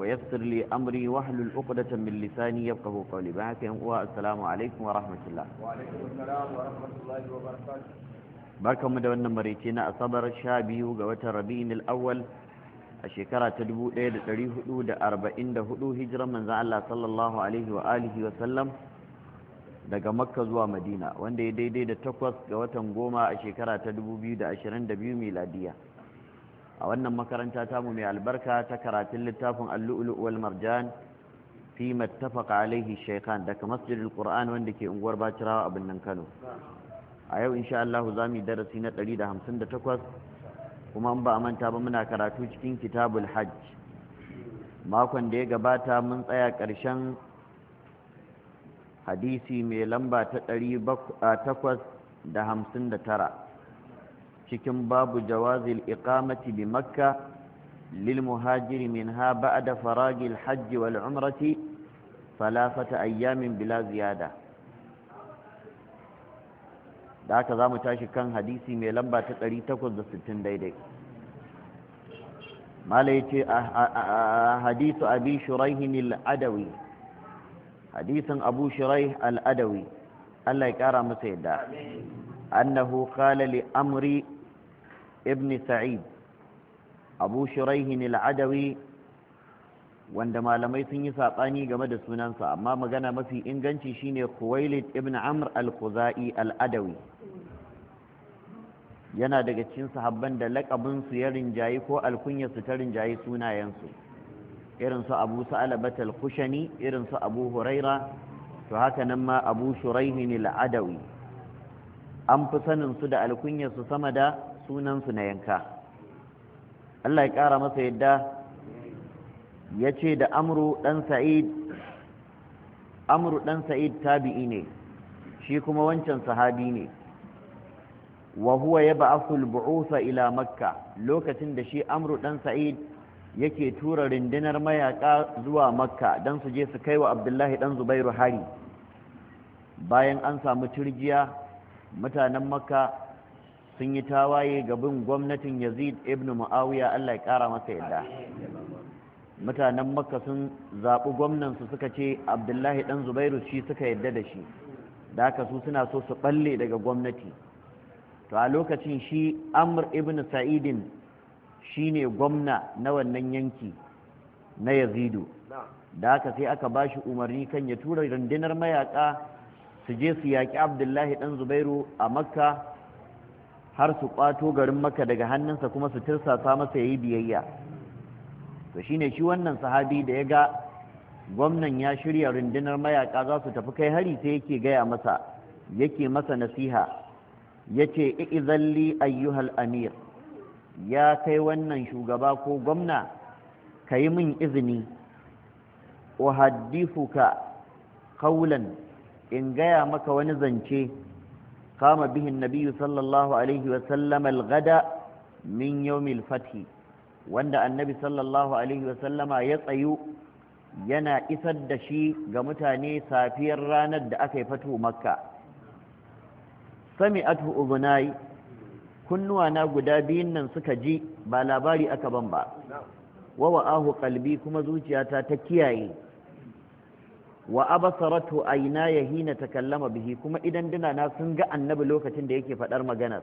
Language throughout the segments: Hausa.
ويسر لي أمري واحلل عقدة من لساني يفقهوا قولي بهاك والسلام عليكم ورحمة الله وعليكم السلام ورحمة الله وبركاته barkan mu da wannan maraice na asabar sha biyu ga watan rabi'in awwal a shekara ta 1444 hijiran manzan Allah sallallahu alaihi wa alihi wa sallam daga makka zuwa madina wanda ya daidai da takwas ga watan goma a shekara ta 2022 miladiya a wannan makaranta tamu mai albarka ta karatun littafin al-lu'lu' wal marjan fi mattafaqa alaihi shaykhan daga masjidil qur'an wanda ke unguwar bacirawa a birnin kano a yau insha Allah za mu darasi na 158 kuma in ba a manta ba muna karatu cikin kitabul hajj makon da ya gabata mun tsaya ƙarshen hadisi mai lamba ta 859 cikin babu jawazil iqamati bi makka lil muhajiri minha ba'da faragil hajj wal umrati salasata ayyamin bila ziyada da aka zamu tashi kan hadisi mai lamba ta 860 daidai mala yace ah, ah, ah, hadisu abi shuraihin al-adawi hadisin abu shuraih al-adawi Allah ya kara masa yadda annahu qala li amri ابن سعيد أبو شريه العدوي wanda malamai sun yi saɓani game da sunansa amma magana mafi inganci shine Khuwailid ibn Amr al-Khuzai al-Adawi yana daga cikin sahabban da laƙabin su ya rinjayi ko alkunya su ta rinjaye sunayensu irin su Abu Sa'labat al-Khushani irin su Abu Huraira to haka ma Abu Shuraihin al-Adawi an fi sanin su da alkunya su sama da sunansu na yanka Allah ya ƙara masa yadda ya ce da amru ɗan sa'id amru ɗan sa'id tabi'i ne shi kuma wancan sahabi ne wa huwa ya ba'asul bu'usa ila makka lokacin da shi amru ɗan sa'id yake tura rindinar mayaka zuwa makka don su je su kai wa abdullahi ɗan zubairu hari bayan an samu turjiya mutanen makka sun yi tawaye ga bin gwamnatin yazid ibn mu'awiya allah ya kara masa yadda mutanen makka sun zaɓi gwamnansu suka ce abdullahi ɗan zubairu shi suka yadda da shi da haka su suna so su ɓalle daga gwamnati to a lokacin shi amr ibn sa'idin shi ne gwamna na wannan yanki na yazidu da haka sai aka ba shi umarni kan ya tura rundunar mayaƙa su je su yaƙi abdullahi ɗan zubairu a makka har su kwato garin maka daga hannunsa kuma su tirsasa masa ya yi biyayya to ne shi wannan sahabi da ya ga gwamnan ya shirya rundunar mayaƙa za su tafi kai hari sai yake gaya masa yake masa nasiha ya ce i'izalli ayyuhal amir ya kai wannan shugaba ko gwamna ka yi min izini uhaddifuka kaulan in gaya maka wani zance قام به النبي صلى الله عليه وسلم الغداء من يوم الفتح وأن النبي صلى الله عليه وسلم يطيو yana isar da shi ga mutane safiyar ranar da aka yi fato makka sami atu ubunai na guda biyun nan suka ji ba labari aka ban ba Wawa wa'ahu kalbi kuma zuciyata ta kiyaye wa abasaratu ya hina kallama bihi kuma idan dina na sun ga annabi lokacin da yake faɗar maganar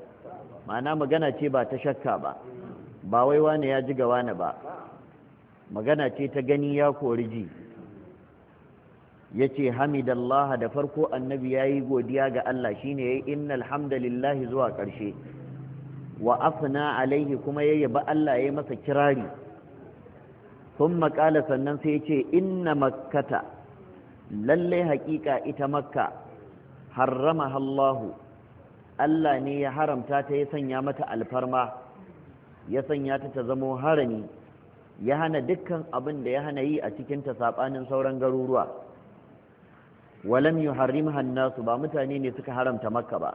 ma'ana magana ce ba ta shakka ba ba wai wani ya ji gawa ne ba magana ce ta gani ya kori ji ya ce hamidallah da farko annabi ya yi godiya ga Allah shine ya yi inna hamdalillahi zuwa ƙarshe wa afna alaihi kuma ya yaba Allah ya yi masa kirari sun maƙala sannan sai ya ce inna makkata lalle haƙiƙa ita makka harrama Allahu Allah ne ya haramta ta ya sanya mata alfarma ya sanya ta ta zamo harami ya hana dukkan abin da ya hana yi a cikin ta sabanin sauran garuruwa walam yuharrimha an-nasu ba mutane ne suka haramta makka ba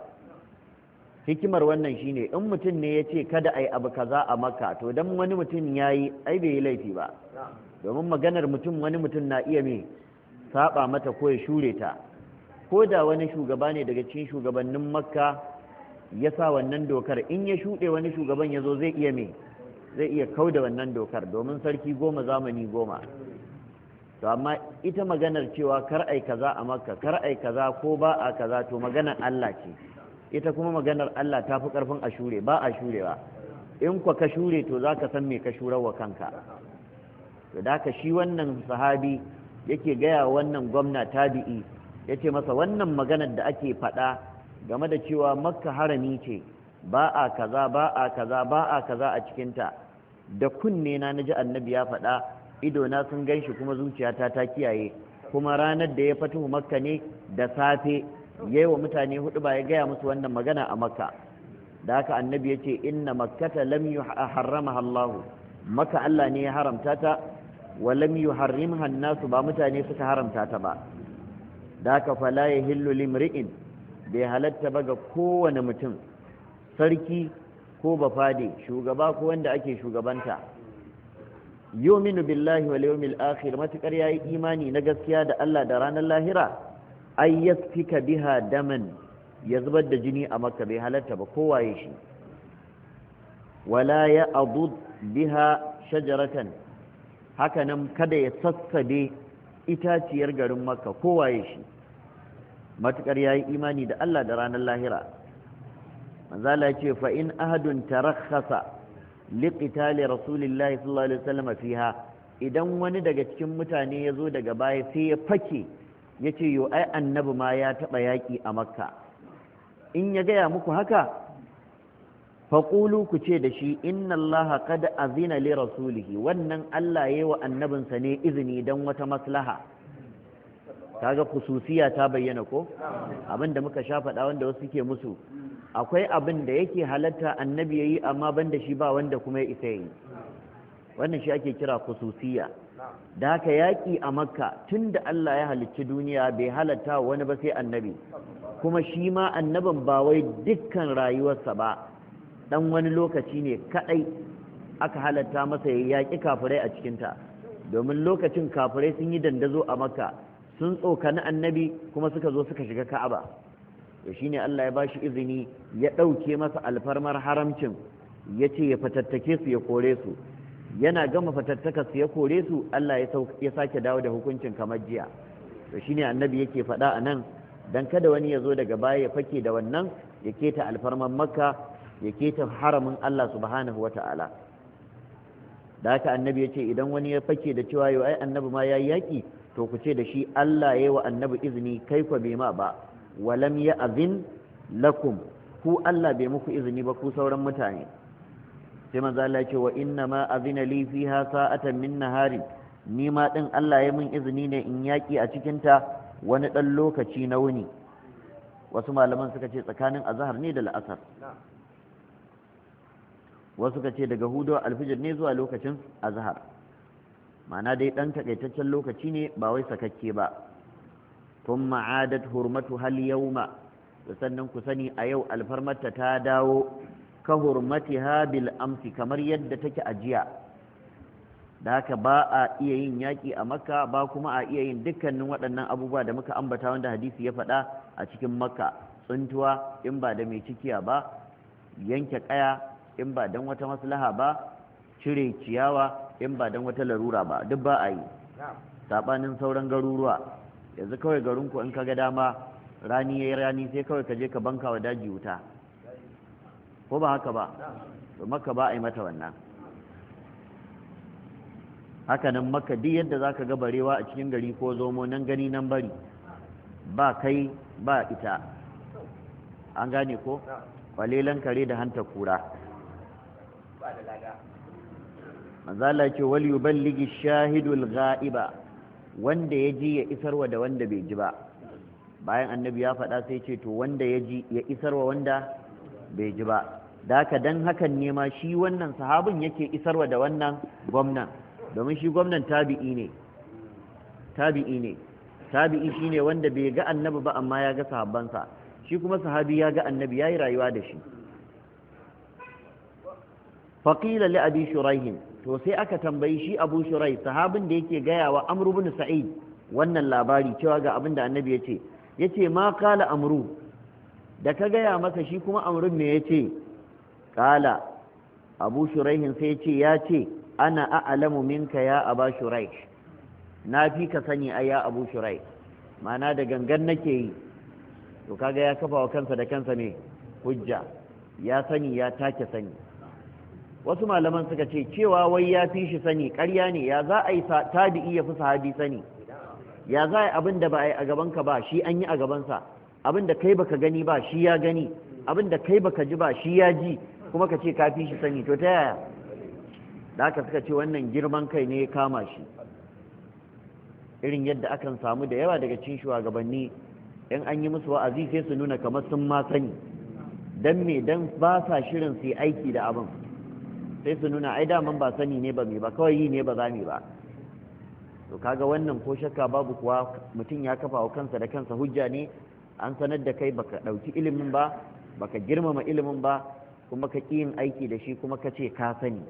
hikimar wannan shine in mutum ne ya ce kada a yi abu kaza a makka to dan wani mutum ya yi ai bai yi laifi ba domin maganar mutum wani mutum na iya me saba mata ko ya shure ta ko da wani shugaba ne daga cikin shugabannin makka ya sa wannan dokar in ya shuɗe wani shugaban ya zo zai iya me zai iya kau da wannan dokar domin sarki goma zamani goma to amma ita maganar cewa kar ai kaza a makka kar ai kaza ko ba a kaza to maganar Allah ce ita kuma maganar Allah ta fi karfin a shure ba a shurewa in kwa ka shure to zaka san me ka shurar wa kanka to da ka shi wannan sahabi yake gaya wannan gwamna tabi'i ya ce masa wannan maganar da ake faɗa game da cewa makka harami ce ba a kaza ba a kaza ba a kaza a cikinta da kunne na naji annabi ya faɗa idona sun gan kuma zuciyata ta kiyaye kuma ranar da ya fito makka ne da safe yayi wa mutane hudu ba ya gaya musu wannan magana a makka da haka annabi ya ce inna makkata lam yuharramaha Allah maka Allah ne ya haramta ta walam yuharrimha an ba mutane suka haramta ta ba da ka fala yahillu limri'in bai halatta ba ga kowane mutum sarki ko bafade shugaba ko wanda ake shugabanta yominu billahi wal yawmil akhir ya yi imani na gaskiya da Allah da ranar lahira ay yasfika biha daman ya zubar da jini a makka bai halatta ba kowaye shi wala ya adud biha shajaratan haka nan kada ya sassabe itaciyar garin makka kowaye shi matukar yi imani da Allah da ranar lahira manzala ce fa in ahadun tarakhasa liqitali rasulillahi sallallahu alaihi wasallam fiha idan wani daga cikin mutane ya zo daga baya sai ya fake ya ce yau ai annabi ma ya taɓa yaƙi a makka in ya gaya muku haka faƙulu ku ce da shi inna allaha qad azina li rasulihi wannan Allah yayi wa annabinsa ne izini dan wata maslaha kaga khususiya ta bayyana ko Abinda muka sha faɗa wanda wasu ke musu akwai abin da yake halatta annabi yayi amma banda shi ba wanda kuma ya isa yi wannan shi ake kira khususiya da haka yaƙi a makka tunda Allah ya halicci duniya bai halatta wani ba sai annabi kuma shi ma annabin ba wai dukkan rayuwarsa ba dan wani lokaci ne kadai aka halatta masa ya yaƙi kafirai a cikinta domin lokacin kafirai sun yi dandazo a makka sun tsokani annabi kuma suka zo suka shiga ka'aba to shine Allah ya bashi izini ya ɗauke masa alfarmar haramcin ya ce ya fatattake su ya kore su yana gama fatattaka su ya kore su Allah ya sake dawo da hukuncin kamar jiya to shine annabi yake faɗa a nan don kada wani ya zo daga baya ya fake da wannan ya keta alfarmar makka ya keta haramin Allah subhanahu wa ta'ala da haka annabi ya ce idan wani ya fake da cewa yau ai annabi ma ya yi yaƙi to ku ce da shi Allah ya yi wa annabi izini kai kwa bai ma ba walam ya azin lakum ku Allah bai muku izini ba ku sauran mutane sai manzo Allah ce wa inna ma azina li fiha sa'atan min hari ni ma din Allah ya min izini ne in yaƙi a cikin ta wani dan lokaci na wuni wasu malaman suka ce tsakanin azahar ne da la'asar wasu ka ce daga huduwar alfijir ne zuwa lokacin azhar ma'ana dai ɗan takaitaccen lokaci ne ba wai sakakke ba kun ma'adat hurmatu hal yauma sannan ku sani a yau alfarmarta ta dawo ka hurmati ha bil amsi kamar yadda take a jiya da haka ba a iya yin yaƙi a makka ba kuma a iya yin dukkanin waɗannan abubuwa da muka ambata wanda hadisi ya faɗa a cikin makka tsuntuwa in ba da mai cikiya ba yanke ƙaya in ba don wata maslaha ba cire ciyawa in ba don wata larura ba duk ba a yi saɓanin sauran garuruwa yanzu kawai garinku in ka ga dama rani ya yi rani sai kawai ka je ka banka wa daji wuta ko ba haka ba to maka ba a yi mata wannan haka nan maka duk yadda za ka ga barewa a cikin gari ko zomo nan gani nan bari ba kai ba ita an gane ko kwalelan kare da hanta kura manzala ce wali yuballigi shahidul ga'iba wanda ya ji ya isarwa da wanda bai ji ba bayan annabi ya faɗa sai ce to wanda ya ji ya isarwa wanda bai ji ba da haka don hakan ne ma shi wannan sahabin yake isarwa da wannan gwamnan domin shi gwamnan tabi'i ne tabi'i ne tabi'i ne wanda bai ga annabi ba amma ya ga sahabbansa shi kuma sahabi ya ga annabi yi rayuwa da shi faƙila li shuraihin to sai aka tambayi shi abu shurai sahabin da yake gaya wa amru bin sa'id wannan labari cewa ga abin da annabi ya ce ya ce ma kala amru da ka gaya masa shi kuma amrun me ya ce kala abu shuraihin sai ce ya ce ana a'alamu minka ya aba shurai na fi ka sani a ya abu shurai ma'ana da gangan nake yi to kaga ya kafa wa kansa da kansa ne hujja ya sani ya take sani wasu malaman suka ce cewa wai ya fi shi sani ƙarya ne ya za a yi tabi'i ya fi sahabi sani ya za a yi abin da ba a yi a gabanka ba shi an yi a gabansa abin da kai baka gani ba shi ya gani abin da kai baka ji ba shi ya ji kuma ka ce ka fi shi sani to ta yaya da aka suka ce wannan girman kai ne ya kama shi irin yadda akan samu da yawa daga cin shugabanni in an yi musu wa'azi sai su nuna kamar sun ma sani dan me dan ba sa shirin su yi aiki da abin sai su nuna ai daman ba sani ne ba mai ba kawai yi ne ba za mu ba to kaga wannan ko shakka babu kuwa mutum ya kafa wa kansa da kansa hujja ne an sanar da kai baka ɗauki ilimin ba baka girmama ilimin ba kuma ka ƙi yin aiki da shi kuma ka ce ka sani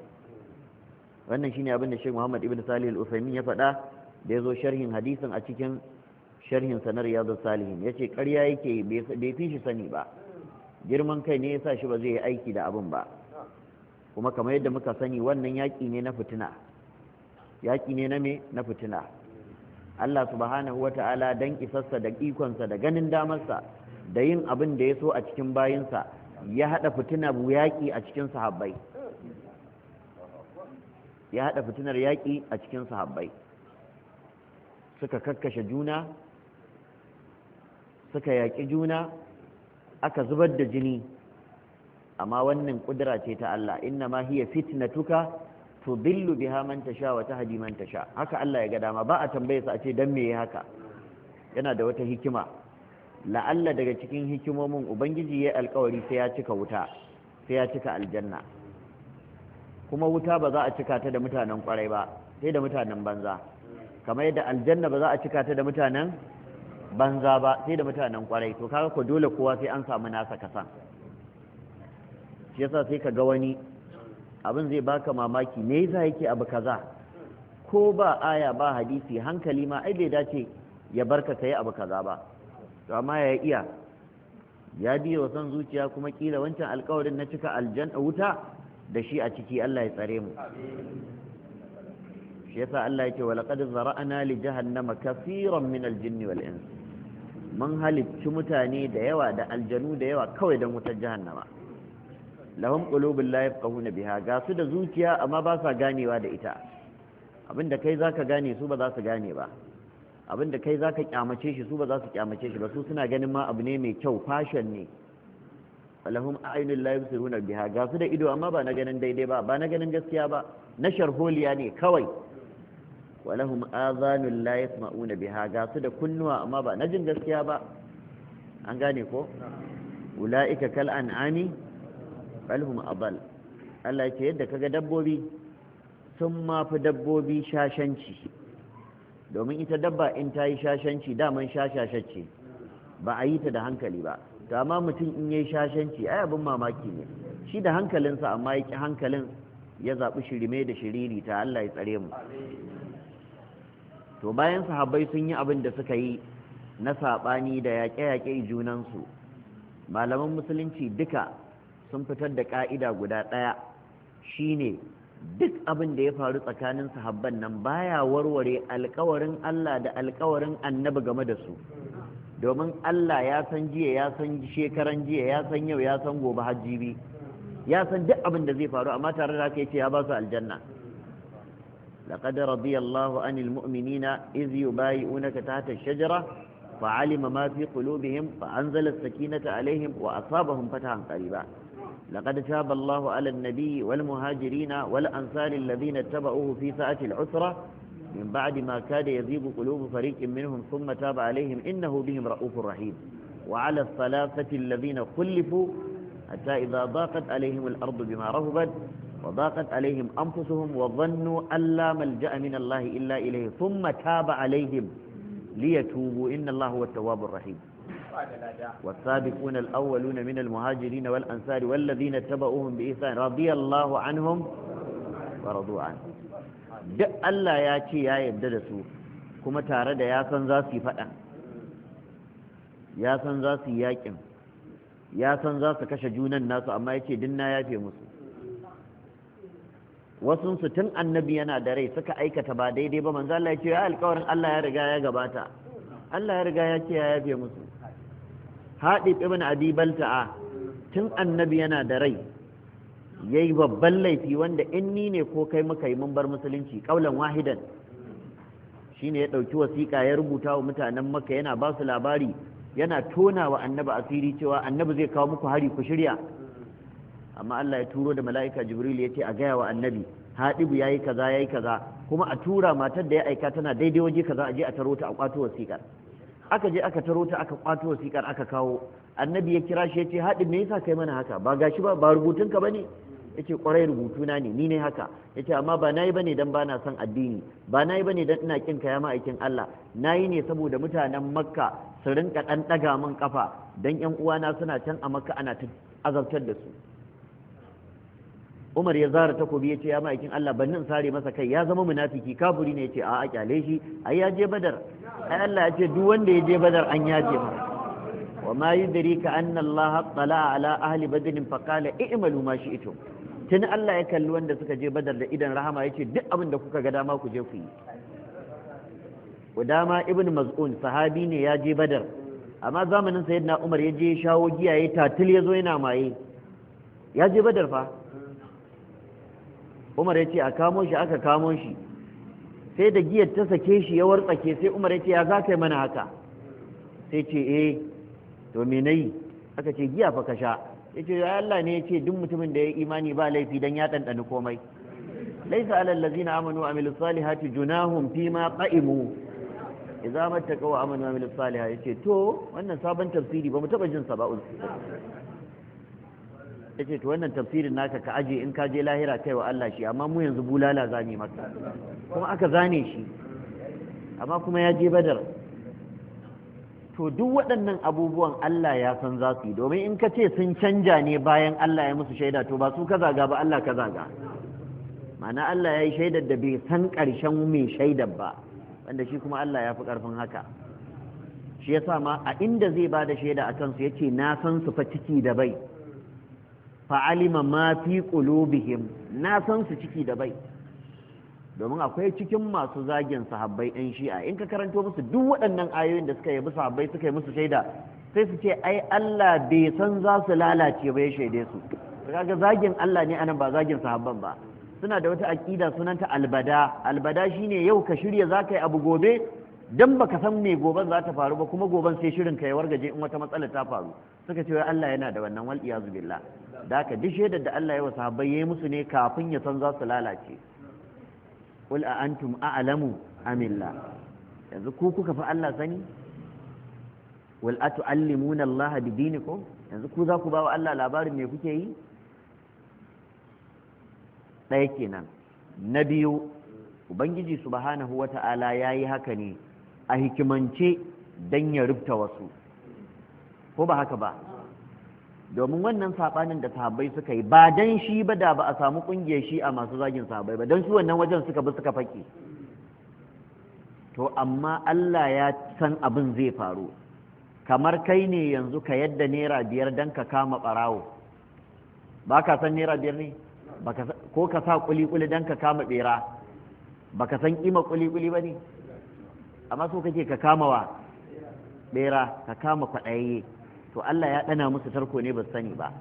wannan shine abin da Sheikh Muhammad Ibn Salih al uthaymeen ya faɗa da ya zo sharhin hadisin a cikin sharhin sanar Riyadus Salihin yace ƙarya yake bai fi shi sani ba girman kai ne yasa shi ba zai yi aiki da abin ba kuma kamar yadda muka sani wannan yaƙi ne na fitina yaƙi ne na me na fitina Allah subhanahu wa ta'ala dan isarsa da ikonsa da ganin damarsa da yin abin da ya so a cikin bayinsa ya haɗa fitina bu yaƙi a cikin sahabbai ya haɗa fitinar yaƙi a cikin sahabbai suka kakkashe juna suka yaƙi juna aka zubar da jini amma wannan kudura ce ta Allah inna ma hiya fitnatuka tudillu biha man tasha wa tahdi man tasha haka Allah ya ga dama ba a tambaye sa a ce dan me haka yana da wata hikima la'alla daga cikin hikimomin ubangiji ya alkawari sai ya cika wuta sai ya cika aljanna kuma wuta ba za a cika ta da mutanen kwarai ba sai da mutanen banza kamar yadda aljanna ba za a cika ta da mutanen banza ba sai da mutanen kwarai to kaga ko dole kowa sai an samu nasa kasan shi yasa sai ka ga wani abin zai baka mamaki me yasa yake abu kaza ko ba aya ba hadisi hankali ma ai bai dace ya barka kai abu kaza ba to amma ya iya ya biya wasan zuciya kuma kila wancan alkawarin na cika aljanna wuta da shi a ciki Allah ya tsare mu shi yasa Allah yake wa laqad zara'na li jahannama kaseeran min al wal ins mun halicci mutane da yawa da aljanu da yawa kawai don wutar jahannama lahum qulubun la yafqahuna biha ga su da zuciya amma ba sa ganewa da ita abinda kai zaka gane su ba za su gane ba abinda kai zaka kyamace shi su ba za su kyamace shi ba su suna ganin ma abu ne mai kyau fashion ne lahum a'yunul la yubsiruna biha ga su da ido amma ba na ganin daidai ba ba na ganin gaskiya ba na sharholiya ne kawai walahum azanul la yasma'una biha ga su da kunnuwa amma ba na jin gaskiya ba an gane ko ula'ika kal an'ami afalhum abal Allah ce yadda kaga dabbobi sun mafi dabbobi shashanci domin ita dabba in ta yi shashanci daman shashashacce ba a yi ta da hankali ba to amma mutum in yi shashanci ai abin mamaki ne shi da hankalinsa amma ya hankalin ya zaɓi shirme da shiriri ta Allah ya tsare mu to bayan sahabbai sun yi abin da suka yi na saɓani da yaƙe-yaƙe junansu malaman musulunci duka sun fitar da ka'ida guda ɗaya shine duk abin da ya faru tsakanin sahabban nan baya warware alkawarin Allah da alkawarin annabi game da su domin Allah ya san jiya ya san shekaran jiya ya san yau ya san gobe hajjibi ya san duk abin da zai faru amma tare da haka ce ya ba su aljanna laqad radiyallahu anil mu'minina iz yubayi'unaka tahta ash-shajara fa'alima ma fi qulubihim fa anzala as-sakinata alaihim wa asabahum fatahan ba. لقد تاب الله على النبي والمهاجرين والأنصار الذين اتبعوه في ساعة العسرة من بعد ما كاد يزيغ قلوب فريق منهم ثم تاب عليهم إنه بهم رؤوف رحيم وعلى الثلاثة الذين خلفوا حتى إذا ضاقت عليهم الأرض بما رهبت وضاقت عليهم أنفسهم وظنوا أن لا ملجأ من الله إلا إليه ثم تاب عليهم ليتوبوا إن الله هو التواب الرحيم والسابقون الأولون من المهاجرين والأنصار والذين اتبعوهم بإحسان رضي الله عنهم ورضوا عنه duk Allah ya ce ya yarda da su kuma tare da ya san za su yi faɗa ya san za su yi yaƙin ya san za su kashe junan nasu amma ya ce dinna ya fe musu wasunsu tun annabi yana da rai suka aikata ba daidai ba manzo Allah ya ce ya alƙawarin Allah ya riga ya gabata Allah ya riga ya ce ya yafe musu haɗi ibn abi balta'a tun annabi yana da rai ya yi babban laifi wanda in ni ne ko kai muka yi mun bar musulunci ƙaulan wahidan shi ne ya ɗauki wasiƙa ya rubuta wa mutanen maka yana ba su labari yana tona wa annabi asiri cewa annabi zai kawo muku hari ku shirya amma Allah ya turo da mala'ika jibril ya ce a gaya wa annabi haɗibu ya yi kaza ya kaza kuma a tura matar da ya aika tana daidai waje kaza a je a taro ta a ƙwato wasiƙar aka je aka taro ta aka kwato wasikar aka kawo annabi ya kira shi ya ce haɗin me yasa kai mana haka ba gashi ba ba rubutunka ba ne ya ce ƙwarai na ne ni ne haka ya ce amma ba na yi ba ne don ba na son addini ba na yi ba ne don ina ƙin kaya aikin Allah na yi ne saboda mutanen makka su rinka ɗan ɗaga min ƙafa don ‘yan uwana suna can a makka ana azabtar da su umar ya zara takobi ya ce ya ma'aikin Allah ban nan sare masa kai ya zama munafiki kaburi ne ya ce a'a kyale shi a ya je badar ai Allah ya ce duk wanda ya je badar an yaje masa wa ma yudrika anna Allah tala ala ahli badr fa qala i'malu ma shi'tum tun Allah ya kalli wanda suka je badar da idan rahama ya ce duk abin da kuka ga dama ku je ku yi dama ibn Maz'un sahabi ne ya je badar amma zamanin sayyidina Umar ya je shawo giyaye tatil ya zo yana maye ya je badar fa umar ya ce a kamo shi aka kamo shi sai da giyar ta sake shi ya wartsake sai umar ya ce ya za yi mana haka sai ce eh to me nayi aka ce giya fa ka sha ya ce ya Allah ne ya ce duk mutumin da ya imani ba laifi dan ya ɗanɗani komai laisa alal ladzina amanu wa amilus salihati junahum fima qa'imu idza mattaqaw amanu wa amilus salihati ya ce to wannan sabon tafsiri ba mu taba jin sa ba yace to wannan tafsirin naka ka aje in ka je lahira kai wa Allah shi amma mu yanzu bulala zane maka kuma aka zane shi amma kuma ya je badar to duk waɗannan abubuwan Allah ya san za su yi domin in ka ce sun canja ne bayan Allah ya musu shaida to ba su ka zaga ba Allah ka zaga ma'ana Allah ya yi shaidar da bai san ƙarshen mai shaidar ba wanda shi kuma Allah ya fi ƙarfin haka shi yasa ma a inda zai ba da shaida a kansu ce na san su fa ciki da bai fa'alima ma fi qulubihim na san su ciki da bai domin akwai cikin masu zagin sahabbai ɗan shi'a in ka karanto musu duk waɗannan ayoyin da suka yabi sahabbai suka yi musu shaida sai su ce ai Allah bai san za su lalace ba ya shaide su kaga zagin Allah ne anan ba zagin sahabban ba suna da wata aƙida sunanta albada albada shine yau ka shirya za ka yi abu gobe dan baka san me goben za ta faru ba kuma goben sai shirin ka ya wargaje in wata matsala ta faru suka ce wai Allah yana da wannan wal iyazu billah da ka duk shaidar da Allah ya wa ya yayi musu ne kafin ya san za su lalace qul a antum a'lamu amilla yanzu ku kuka fi Allah sani wal atu'allimuna Allah bi dinikum yanzu ku za ku ba wa Allah labarin me kuke yi ɗaya kenan na biyu ubangiji subhanahu wata'ala yi haka ne a hikimance don ya rubta wasu ko ba haka ba domin wannan saɓanin da sahabbai suka yi ba dan shi ba da ba a samu ƙungiyar shi a masu zagin sahabbai ba Don su wannan wajen suka bi suka fake to amma Allah ya san abin zai faru kamar kai ne yanzu ka yadda naira biyar dan ka kama ɓarawo? ba ka san naira biyar ne ko ka sa kuli-kuli dan ka kama ɓera? ba ka san kima kuli-kuli ba ne amma so kake ka kama wa ɓera ka kama kwaɗayayye to Allah ya ɗana musu tarko ne ba sani ba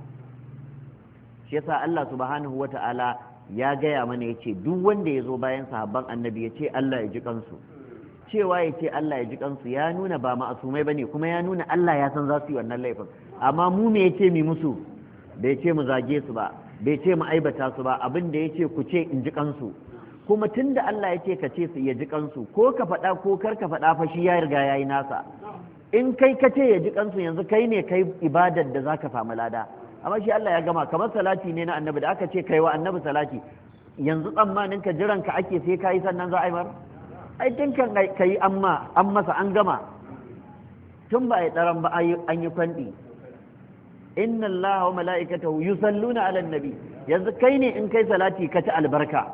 shi yasa Allah subhanahu ta'ala ya gaya mana ya ce duk wanda ya zo bayan sahabban annabi ya ce Allah ya ji kansu cewa ya ce Allah ya ji kansu ya nuna ba ma'asumai bane kuma ya nuna Allah ya san za su yi wannan laifin amma mu me ya ce mi musu bai ce mu zage su ba bai ce mu aibata su ba abin da ya ce ku ce in ji kansu kuma tunda Allah ya ce ka ce su ya ji kansu ko ka faɗa ko kar ka faɗa fa shi ya riga yayi nasa in kai ka ce ya ji kansu yanzu kai ne kai ibadar da zaka samu lada amma shi Allah ya gama kamar salati ne na annabi da aka ce kai wa annabi salati yanzu tsammanin ka jiran ka ake sai kai sannan za a yi mar ai tun kai amma an masa an gama tun ba yi ba an yi kwandi inna Allah wa mala'ikatahu yusalluna ala nabi yanzu kai ne in kai salati ka ci albarka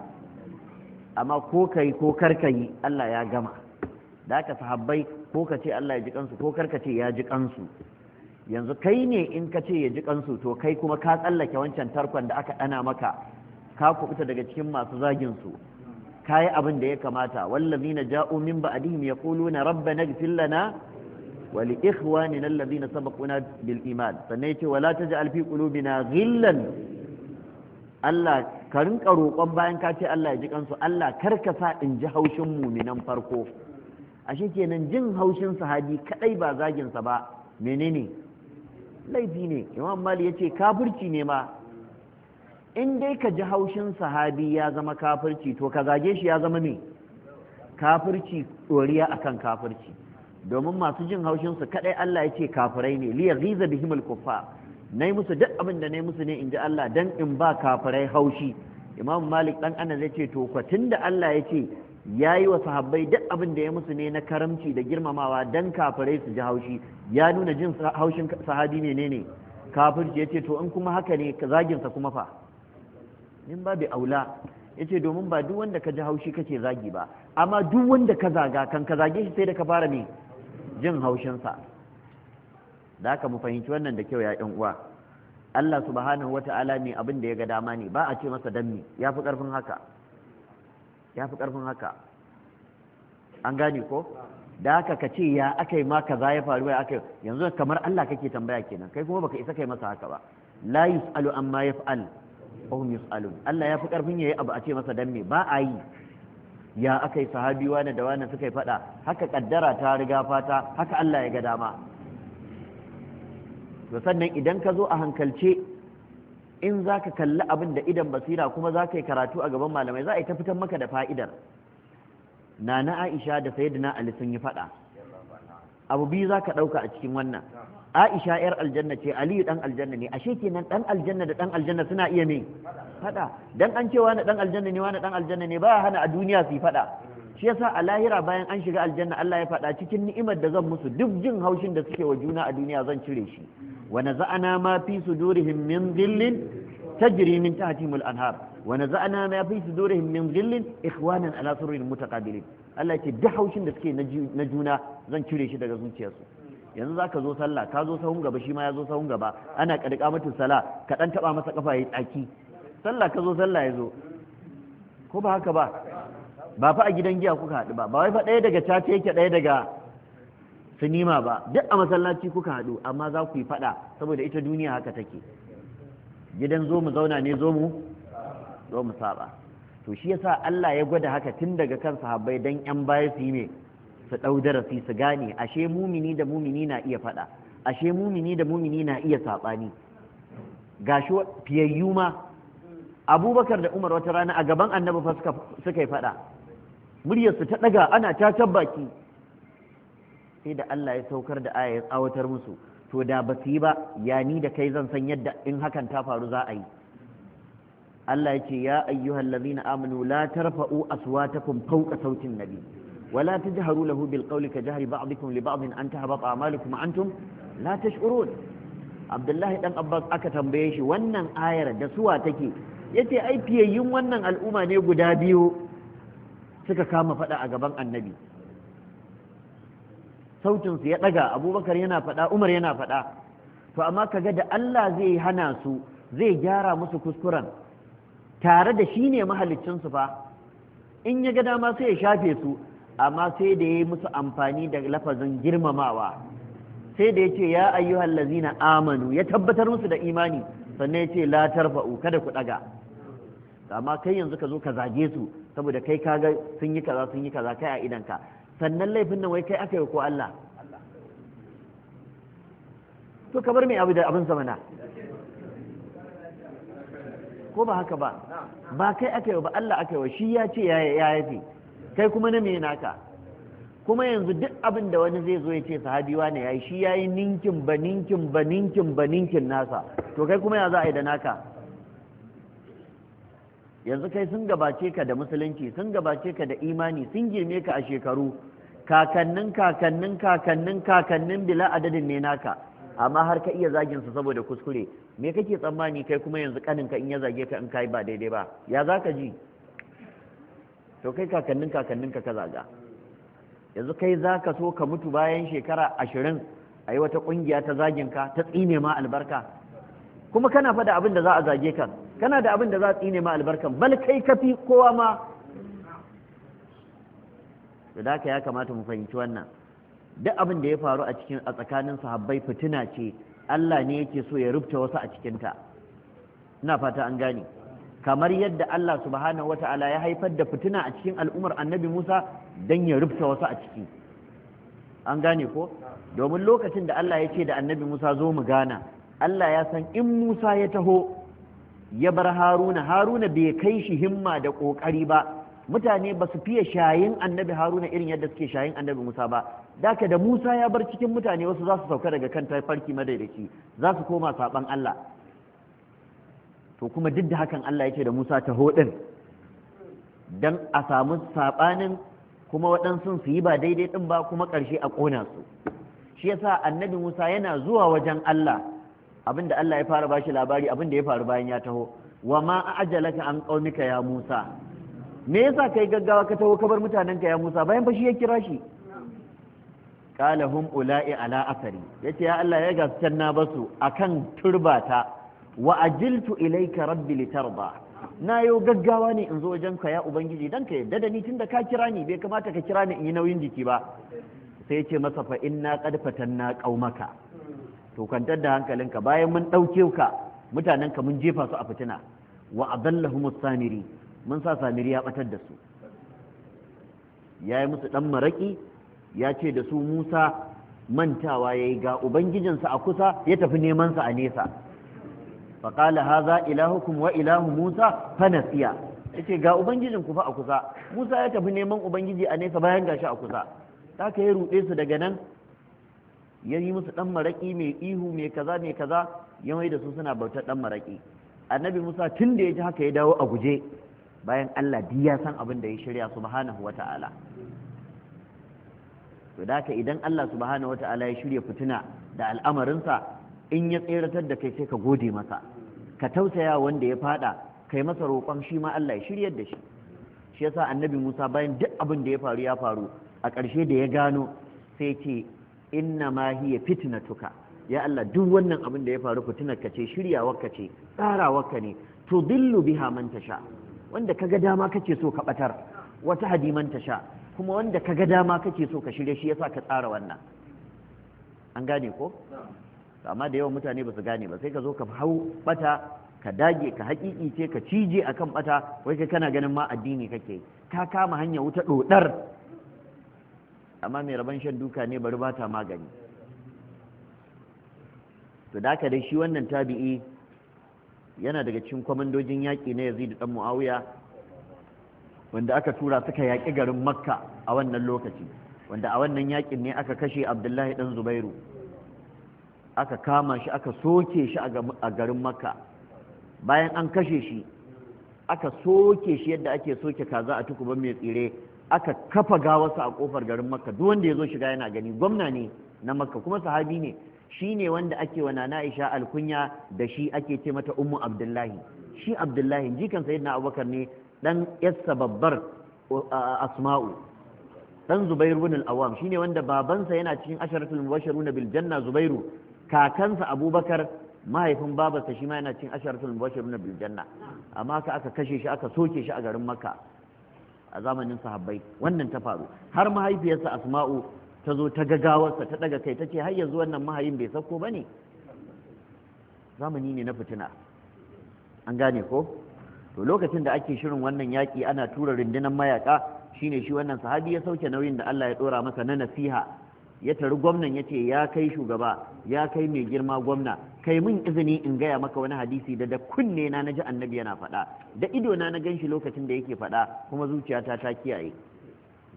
amma ko kai ko kar kai Allah ya gama da aka sahabbai ko ka ce Allah ya ji kansu ko kar ka ce ya ji kansu yanzu kai ne in ka ce ya ji kansu to kai kuma ka tsallake wancan tarkon da aka ɗana maka ka kuɓuta daga cikin masu zagin su ka yi abin da ya kamata wallazina ja'u min ba'dihim yaquluna rabbana ighfir lana wa li ikhwanina allazina sabaquna bil iman sannan yace wala taj'al fi qulubina ghillan Allah ka rinka roƙon bayan ka ce Allah ya ji kansu Allah kar ka sa in ji haushin muminan farko ashe kenan jin haushin sahabi kadai ba zaginsa ba menene laifi ne imam mali ya ce kafirci ne ma in dai ka ji haushin sahabi ya zama kafirci to ka zage shi ya zama me kafirci ɗoriya akan kafirci domin masu jin haushin su kadai Allah ya ce kafirai ne liya ghiza bihimul kuffa kuffa musu duk abin da na musu ne in ji Allah dan in ba kafirai haushi imam malik dan anan zai ce to kwatin da Allah ya ce ya yi wa sahabbai duk abin da ya musu ne na karamci da girmamawa don kafirai su ji haushi ya nuna jin haushin sahabi ne ne kafirci ya ce to in kuma haka ne ka zaginsa kuma fa in bai aula ya ce domin ba duk wanda ka ji haushi kake zagi ba amma duk wanda ka zaga kan ka zage shi sai da ka fara ne jin haushinsa da ka mu fahimci wannan da kyau ya yan uwa Allah subhanahu ta'ala ne abin da ya ga dama ne ba a ce masa danni ya fi ƙarfin haka ya fi ƙarfin haka an gane ko da haka ka ce ya aka yi ma za ya faru ya aka yanzu kamar Allah kake tambaya kenan kai kuma baka isa kai masa haka ba la yusalu amma yaf'al wa hum Allah ya fi ya yayi abu a ce masa dan me ba a yi ya aka yi sahabi wani da wani suka yi fada haka kaddara ta riga fata haka Allah ya ga dama to sannan idan ka zo a hankalce in za ka kalli abin da idan basira kuma za ka yi karatu a gaban malamai za a yi ta fitan maka da fa'idar na na aisha da sayyidina ali sun yi faɗa abu biyu za ka ɗauka a cikin wannan aisha yar aljanna ce aliyu dan aljanna ne ashe kenan dan aljanna da dan aljanna suna iya me faɗa dan an ce wani dan aljanna ne wani dan aljanna ne ba hana a duniya su yi faɗa shi yasa a lahira bayan an shiga aljanna Allah ya faɗa cikin ni'imar da zan musu duk jin haushin da suke wa juna a duniya zan cire shi ونزعنا ما ma fi من min تجري من تحتهم الانهار ونزعنا ما في صدورهم ma fi اخوانا على سرر متقابلين الله surrin دحوشين Allah ce duk haushin da suke na juna zan cire shi daga zuciyarsu yanzu zaka zo sallah ka zo sahun gaba shi ma ya zo sahun gaba ana kadika mata sala ka dan taba masa kafa yayi tsaki sallah ka zo sallah ya zo ko ba haka ba ba fa a gidan giya kuka haɗu ba ba wai fa ɗaya daga caca yake ɗaya daga sinima ba duk a masallaci kuka haɗu amma za ku yi faɗa saboda ita duniya haka take gidan zo mu zauna ne zo mu zo mu saba to shi yasa Allah ya gwada haka tun daga kan sahabbai dan yan baya su yi ne su ɗau darasi su gane ashe mumini da mumini na iya faɗa ashe mumini da mumini na iya saɓani gashi fiyayyu ma abubakar da umar wata rana a gaban annabi fa suka yi faɗa muryarsu ta ɗaga ana ta baki sai da Allah ya saukar da aya ya tsawatar musu to da ba su yi ba ya ni da kai zan san yadda in hakan ta faru za a yi Allah ya ce ya ayyuhal ladhina amanu la tarfa'u aswatakum fawqa sautin nabi ولا تجهروا له بالقول كجهر بعضكم لبعض أن تهبط أعمالكم أنتم لا La عبد Abdullahi dan عباس aka tambaye shi wannan ayar da suwa take yace ai fiyayyun wannan al'umma ne guda biyu suka kama fada a gaban annabi sautin su ya daga abubakar yana faɗa umar yana faɗa to amma kaga da Allah zai hana su zai gyara musu kuskuren tare da shi ne mahaliccin su fa in ya ga dama sai ya shafe su amma sai da ya yi musu amfani da lafazin girmamawa sai da ya ce ya ayyuhal lazina amanu ya tabbatar musu da imani sannan ya ce la tarfa'u kada ku daga amma kai yanzu ka zo ka zage su saboda kai kaga sun yi kaza sun yi kaza kai a idanka sannan laifin nan wai kai aka yi ko Allah to kamar mai abu da abin zamana ko ba haka ba ba kai aka yi ba Allah aka yi shi ya ce ya yafi kai kuma na mai naka kuma yanzu duk abin da wani zai zo ya ce sahabi wane yi shi ya yi ninkin ba ninkin ba ninkin ba ninkin nasa to kai kuma ya za a yi da naka yanzu kai sun gabace ka da musulunci sun gabace ka da imani sun girme ka a shekaru kakannin kakannin kakannin kakannin bila adadin ne naka amma har ka iya zagin su saboda kuskure me kake tsammani kai kuma yanzu kanin ka in ya zage ka in kai ba daidai ba ya zaka ji to kai kakannin kakannin ka zaga yanzu kai zaka so ka mutu bayan shekara ashirin a yi wata kungiya ta zagin ka ta tsine ma albarka kuma kana faɗa abin da za a zage ka kana da abin da za tsine ma albarkan bal kai ka fi kowa ma da haka ya kamata mu fahimci wannan duk abin da ya faru a cikin a tsakanin sahabbai fitina ce Allah ne yake so ya rubuta wasu a cikinta ina fata an gane kamar yadda Allah subhanahu wata'ala ya haifar da fitina a cikin al'umar annabi Musa don ya rubuta wasu a ciki an gane ko domin lokacin da Allah ya ce da annabi Musa zo mu gana Allah ya san in Musa ya taho ya bar haruna haruna bai kai shi himma da ƙoƙari ba mutane ba su fiye shayin annabi haruna irin yadda suke shayin annabi musa ba daka da musa ya bar cikin mutane wasu za su sauka daga kan farki madaidaci za su koma saban allah to kuma duk da hakan allah ya da musa ta hoɗin, don a samu saɓanin kuma waɗansu su yi ba daidai ɗin ba kuma ƙarshe a ƙona su shi yasa annabi musa yana zuwa wajen allah Abin da Allah ya fara bashi labari abin da ya faru bayan ya taho wa ma ajalaka an qaumika ya Musa me yasa kai gaggawa ka taho kabar mutanenka ya Musa bayan fa ya kira shi qala hum ula'i ala asari yace ya Allah ya gaskan na basu akan turbata wa ajiltu ilayka rabbi litarda na yo gaggawa ne in zo wajen ka ya ubangiji dan ka yadda da ni tunda ka kira ni bai kamata ka kira ni in yi nauyin jiki ba sai ya ce masa fa inna qad fatanna qaumaka to kwantar da hankalinka bayan mun ɗauke ka mutanen ka mun jefa su a fitina wa adallahum samiri mun sa samiri ya batar da su ya yi musu ɗan maraƙi ya ce da su musa mantawa ya yi ga ubangijinsa a kusa ya tafi nemansa a nesa faƙala haza ilahukum wa ilahu musa fanasiya ya ce ga ubangijin ku fa a kusa musa ya tafi neman ubangiji a nesa bayan gashi a kusa ta ka yi ruɗe su daga nan ya yi musu ɗan maraƙi mai ihu mai kaza mai kaza ya mai da su suna bautar ɗan maraƙi. annabi musa tun da ya ji haka ya dawo a guje bayan allah duk ya san abin da ya shirya subhanahu ta'ala. to da idan allah subhanahu ta'ala ya shirya fituna da al'amarinsa in ya tseratar da kai sai ka gode masa ka tausaya wanda ya fada kai masa roƙon shi ma allah ya shiryar da shi shi yasa annabi musa bayan duk abin da ya faru ya faru a ƙarshe da ya gano sai ce inna ma hiya fitnatuka ya Allah duk wannan abin da ya faru kace ce waka ce tsarawarka ne to dillu biha man tasha wanda kaga dama kake so ka batar wata hadiman tasha kuma wanda kaga dama kake so ka shirye shi yasa ka tsara wannan an gane ko amma da yawan mutane ba su gane ba sai ka zo ka hau bata ka dage ka hakiki ce ka cije akan bata wai kai kana ganin ma addini kake ka kama hanya wuta dodar amma mai rabon shan duka ne bari ba ta magani to da ka dai shi wannan tabi'i yana daga cikin kwamandojin yaƙi na yazid dan muawiya wanda aka tura suka yaƙi garin makka a wannan lokaci wanda a wannan yaƙin ne aka kashe abdullahi dan zubairu aka kama shi aka soke shi a garin makka bayan an kashe shi aka soke shi yadda ake soke kaza a tukuban mai tsire aka kafa gawarsa a kofar garin makka duk wanda ya zo shiga yana gani gwamna ne na makka kuma sahabi ne shi ne wanda ake wa nana aisha alkunya da shi ake ce mata ummu abdullahi shi abdullahi jikan sayyidina abubakar ne dan yassa babbar asma'u dan zubairu bin al-awam ne wanda babansa yana cikin asharatul mubashiruna bil janna zubairu kakansa abubakar mahaifin babarsa shi ma yana cikin asharatul mubashiruna bil janna amma ka aka kashe shi aka soke shi a garin makka a zamanin sahabbai wannan ta faru har mahaifiyarsa asma'u ta zo ta gagawarsa ta daga kai ta ce har yanzu wannan mahayin bai sauko ba ne zamani ne na fitina an gane ko to lokacin da ake shirin wannan yaƙi ana tura rundunar mayaƙa shine shi wannan sahabi ya sauke nauyin da Allah ya ɗora masa na nasiha ya tari gwamnan ya ce ya kai shugaba ya kai mai girma gwamna kai min izini in gaya maka wani hadisi da da kunne na naji annabi yana faɗa da ido na na ganshi lokacin da yake faɗa kuma zuciyata ta kiyaye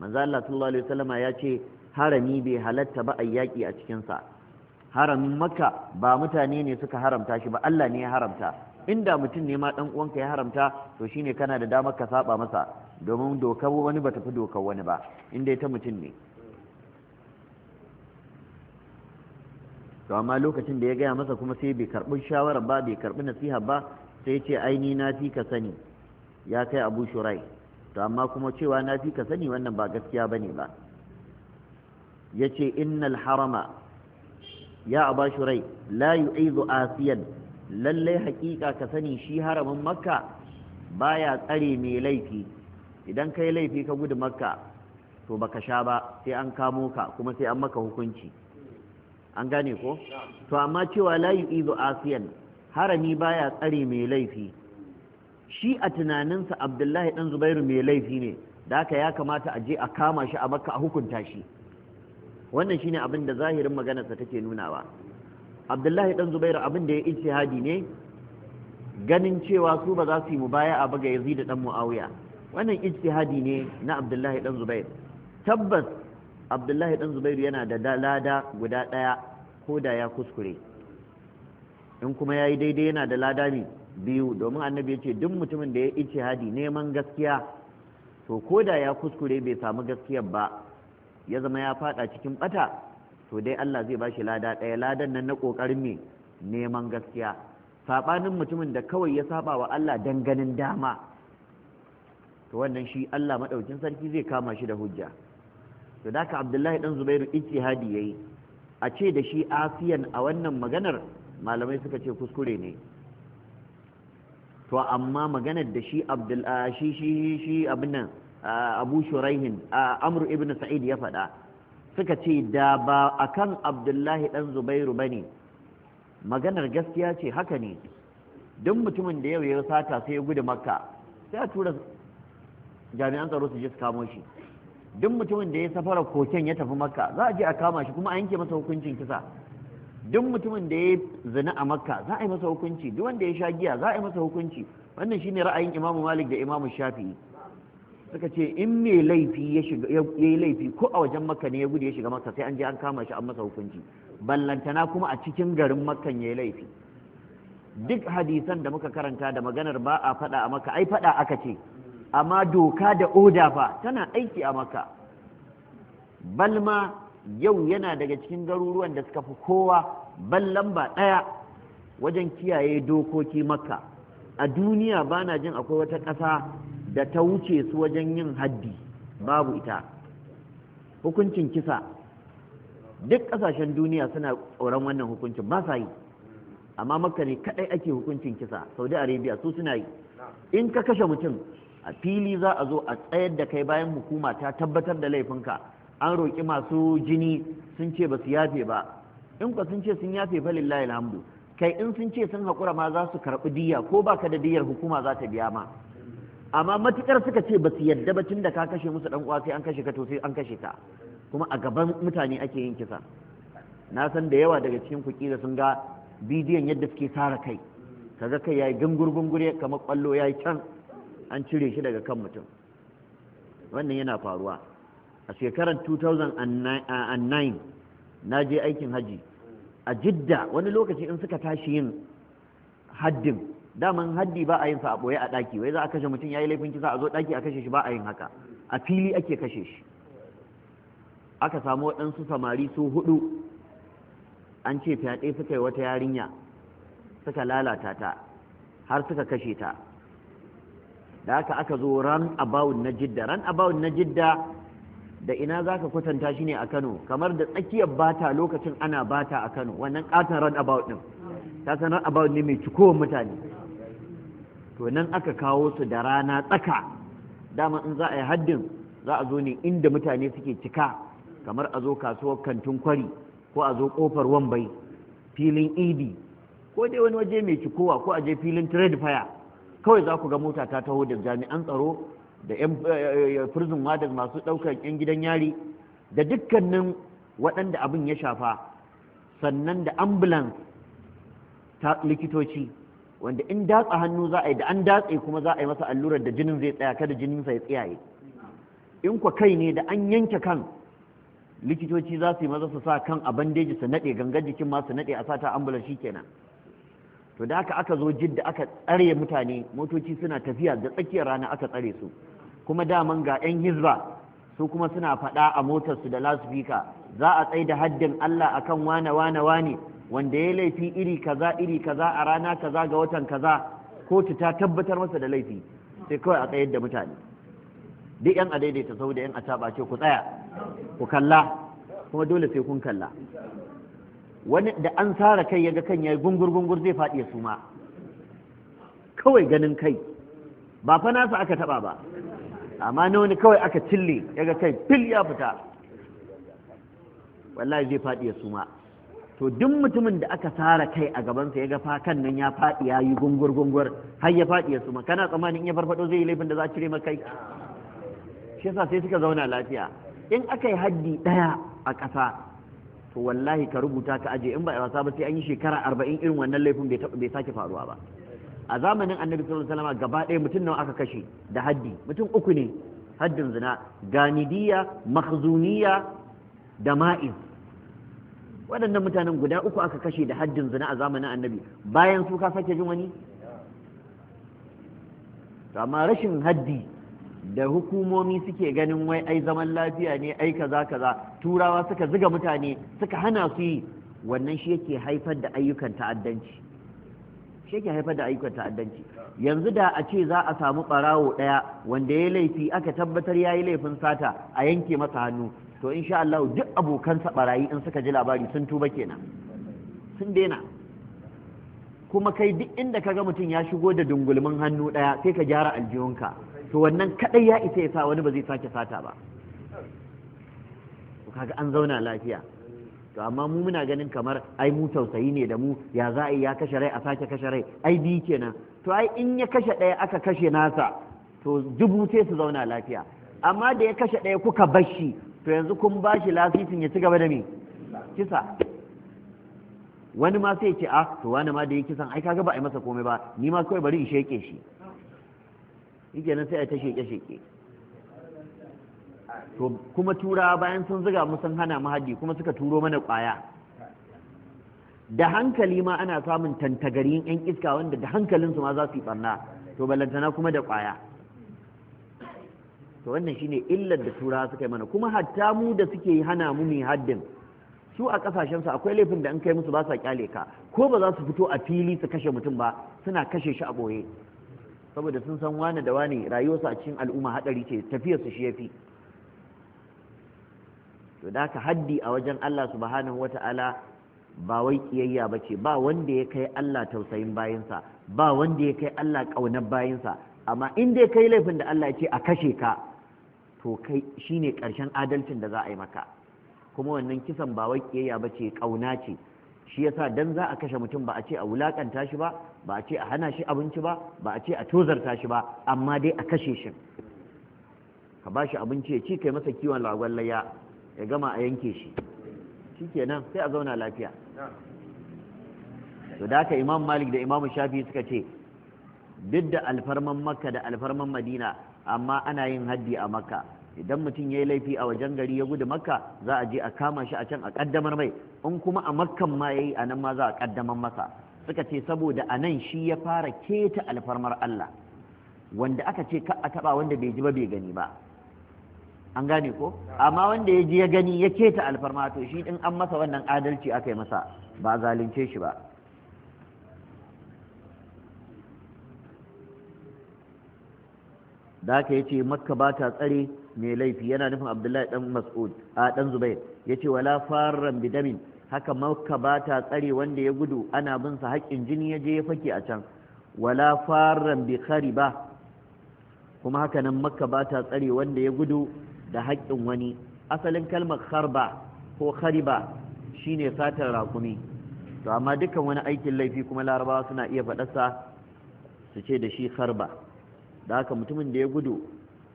manzo Allah sallallahu alaihi wasallama ya ce harami bai halatta ba ayyaki a cikin sa haramin maka ba mutane ne suka haramta shi ba Allah ne ya haramta inda mutum ne ma dan uwanka ya haramta to shine kana da damar ka saba masa domin dokar wani ba tafi dokar wani ba inda ta mutum ne to amma lokacin da ya gaya masa kuma sai bai karbi shawarar ba bai karɓi nasiha ba sai ce aini na fi ka sani ya kai abu shurai to amma kuma cewa na fi ka sani wannan ba gaskiya ba ne ba ya ce innal harama ya abu shurai la yu'izu asiyan lallai haƙiƙa ka sani shi haramin makka baya tsare mai laifi idan kai laifi ka gudu makka to baka sha ba sai an kamo ka kuma sai an maka hukunci an gane ko to amma cewa la yu'idu asiyan harami baya tsare mai laifi shi a tunaninsa abdullahi dan zubairu mai laifi ne da haka ya kamata a je a kama shi a makka a hukunta shi wannan shine abin da zahirin maganarsa take nunawa abdullahi dan zubairu abin da ya ijtihadi ne ganin cewa su ba za su yi mubaya'a ba ga yazid dan muawiya wannan ijtihadi ne na abdullahi dan zubair tabbas abdullahi ɗan zubairu yana da lada guda ɗaya ko da ya kuskure in kuma ya yi daidai yana da lada ne biyu domin annabi ya ce duk mutumin da ya ice hadi neman gaskiya to ko da ya kuskure bai samu gaskiyar ba ya zama ya fada cikin ɓata to dai Allah zai ba shi lada ɗaya ladan nan na kokarin me neman gaskiya saɓanin mutumin da kawai ya saba wa Allah dan ganin dama to wannan shi Allah maɗaukin sarki zai kama shi da hujja to da ka abdullahi dan zubairu ijtihadi yayi a ce da shi afiyan a wannan maganar malamai suka ce kuskure ne to amma maganar da shi abdul shi shi shi abin nan abu shuraihin amr ibn sa'id ya faɗa suka ce da ba akan abdullahi dan zubairu bane maganar gaskiya ce haka ne duk mutumin da yau ya sata sai ya gudu makka sai a tura jami'an tsaro su je su kamo shi duk mutumin da ya safara koken ya tafi makka za a je a kama shi kuma a yanke masa hukuncin kisa duk mutumin da ya zina a makka za a yi masa hukunci duk wanda ya sha giya za a yi masa hukunci wannan shine ra'ayin imamu malik da imamu shafi'i suka ce in me laifi ya shiga ya yi laifi ko a wajen makka ne ya gudu ya shiga makka sai an je an kama shi an masa hukunci ballantana kuma a cikin garin makkan ya yi laifi duk hadisan da muka karanta da maganar ba a faɗa a makka ai faɗa aka ce amma doka da oda fa tana aiki a maka balma yau yana daga cikin garuruwan da suka fi kowa ban lamba ɗaya wajen kiyaye dokoki maka a duniya ba na jin akwai wata ƙasa da ta wuce su wajen yin haddi babu ita hukuncin kisa duk ƙasashen duniya suna tsoron wannan hukuncin ba sa yi amma makka ne kaɗai ake hukuncin kisa saudi arabia su suna yi in ka kashe mutum a fili za a zo a tsayar da kai bayan hukuma ta tabbatar da laifinka an roƙi masu jini sun ce ba su yafe ba in ku sun ce sun yafe fa lillahi alhamdu kai in sun ce sun haƙura ma za su karɓi diya ko baka da diyar hukuma za ta biya ma amma matukar suka ce ba su yadda ba tun da ka kashe musu dan uwa sai an kashe ka to sai an kashe ka kuma a gaban mutane ake yin kisa na san da yawa daga cikin ku kila sun ga bidiyon yadda suke sara kai kaga kai yayi gungurgungure kamar kwallo yayi can an cire shi daga kan mutum wannan yana faruwa a shekarar 2009 na je aikin haji a jidda wani lokaci in suka tashi yin haddin daman haddi ba a yin sa a ɓoye a ɗaki wai za a kashe mutum ya yi laifin kisa a zo ɗaki a kashe shi ba a yin haka a fili ake kashe shi aka samu waɗansu samari su hudu an ce fyaɗe suka yi wata yarinya suka lalata ta har suka kashe ta da haka aka zo ran about na jidda ran about na jidda da ina za ka kwatanta shi ne a kano kamar da tsakiyar bata lokacin ana bata a kano wannan katon ran about din ta san ran about ne mai cikowar mutane to nan aka kawo su da rana tsaka dama in za a yi haddin za a zo ne inda mutane suke cika kamar a zo kasuwar kantin kwari ko a zo kofar wambai filin idi ko dai wani waje mai cikowa ko a je filin trade fire kawai za ku ga mota ta taho da jami'an tsaro da 'yan eh, eh, eh, prison masu ɗaukar 'yan gidan yari da dukkanin waɗanda abin ya shafa sannan da ambulance ta likitoci wanda in datsa hannu za a yi da an datse kuma za a yi masa allurar da jinin zai tsaya kada sa ya tsiyaye in kwa kai ne da an yanke kan likitoci za su yi maza su sa kan a bandeji su naɗe gangar jikin ma su naɗe a sata ambulance shi kenan to da haka aka zo jidda aka tsare mutane motoci suna tafiya da tsakiyar rana aka tsare su kuma daman ga 'yan hizba su kuma suna faɗa a motarsu da lasfika za a tsaida haddin Allah akan wane wane wane wanda ya laifi iri kaza iri kaza a rana kaza ga watan kaza kotu ta tabbatar masa da laifi sai kawai a tsayar da mutane duk 'yan a daidaita sau da 'yan a ce ku tsaya ku kalla kuma dole sai kun kalla wani da an sara kai ya ga kan yayi gungur gungur zai faɗi su ma kawai ganin kai ba fa nasa aka taba ba amma na wani kawai aka cille ya ga kai fil ya fita wallahi zai faɗi ya suma to duk mutumin da aka sara kai a gabansa ya ga kan nan ya faɗi ya yi gungur gungur har ya faɗi ya suma kana tsammanin in ya farfado zai yi laifin da za a cire maka kai shi yasa sai suka zauna lafiya in aka yi haddi ɗaya a ƙasa to wallahi ka rubuta ka aje in ba a wasa ba sai an yi shekara arba'in irin wannan laifin bai sake faruwa ba a zamanin annabi sallallahu alaihi wasallam gaba ɗaya mutum nawa aka kashe da haddi mutum uku ne haddin zina ganidiyya makhzumiyya da ma'iz waɗannan mutanen guda uku aka kashe da haddin zina a zamanin annabi bayan su ka sake jin wani amma rashin haddi da hukumomi suke ganin wai ai zaman lafiya ne ai kaza kaza turawa suka ziga mutane suka hana su yi wannan shi yake haifar da ayyukan ta'addanci shi yake haifar da ayyukan ta'addanci yanzu da a ce za a samu barawo ɗaya wanda ya laifi aka tabbatar ya yi laifin sata a yanke masa hannu to insha Allah duk abokansa barayi in suka ji labari sun tuba kenan sun daina kuma kai duk inda kaga mutum ya shigo da dungulmin hannu ɗaya sai ka gyara aljihunka to wannan kaɗai ya isa ya sa wani ba zai sake sata ba to kaga an zauna lafiya to amma mu muna ganin kamar ai mu tausayi ne da mu ya za a yi ya kashe rai a sake kashe rai ai biyu kenan to ai in ya kashe ɗaya aka kashe nasa to dubu sai su zauna lafiya amma da ya kashe ɗaya kuka bashi to yanzu kun bashi lasisin ya ci gaba da me kisa wani ma sai ce a ah, to wani ma da ya kisan ai kaga ba a yi masa komai ba ni ma kawai bari in sheke shi yake nan sai a ta sheke-sheke to kuma turawa bayan sun ziga mu sun hana mu haddi kuma suka turo mana ƙwaya da hankali ma ana samun tantagarin 'yan iska wanda da su ma za su yi ɓarna to balantana kuma da ƙwaya to wannan shine illar da turawa suka yi mana kuma hatta mu da suke yi hana mu mai haddin su a kasashen su akwai laifin da an kai musu ba sa kyale ka ko ba za su fito a fili su kashe mutum ba suna kashe shi a ɓoye saboda sun san wane da wane rayuwarsu a cikin al'umma hadari ce tafiyar su shi yafi to da ka haddi a wajen Allah subhanahu wata'ala ba wai kiyayya bace ba wanda ya kai Allah tausayin bayinsa ba wanda ya kai Allah kaunar bayinsa amma in dai kai laifin da Allah ya ce a kashe ka to kai shine karshen adalcin da za a yi maka kuma wannan kisan ba wai kiyayya bace kauna ce shi yasa dan za a kashe mutum ba a ce a wulakanta shi ba ba a ce a hana shi abinci ba ba a ce a tozarta shi ba amma dai a kashe shi ka ba shi abinci ya ci kai masa kiwon lagwallaya ya gama a yanke shi shi kenan sai a zauna lafiya to da imam malik da imam shafi suka ce duk da alfarman makka da alfarman madina amma ana yin haddi a makka idan mutum ya yi laifi a wajen gari ya gudu makka za a je a kama shi a can a kaddamar mai in kuma a makkan ma ya yi a nan ma za a kaddamar masa suka ce saboda a nan shi ya fara keta alfarmar Allah wanda aka ce ka a taba wanda bai ji ba bai gani ba an gane ko amma wanda ya ji ya gani ya keta alfarma to shi din an masa wannan adalci aka yi masa ba zalunce shi ba da aka yace makka ba ta tsare mai laifi yana nufin abdullahi dan mas'ud a dan zubair yace wala farran bidamin haka makka ba ta tsare wanda ya gudu ana bin sa haƙƙin jini ya je ya fake a can wala farran bi khariba kuma haka nan makka ba ta tsare wanda ya gudu da haƙƙin wani asalin kalmar kharba ko khariba shine satar rakumi to amma dukkan wani aikin laifi kuma larabawa suna iya faɗarsa su ce da shi kharba da haka mutumin da ya gudu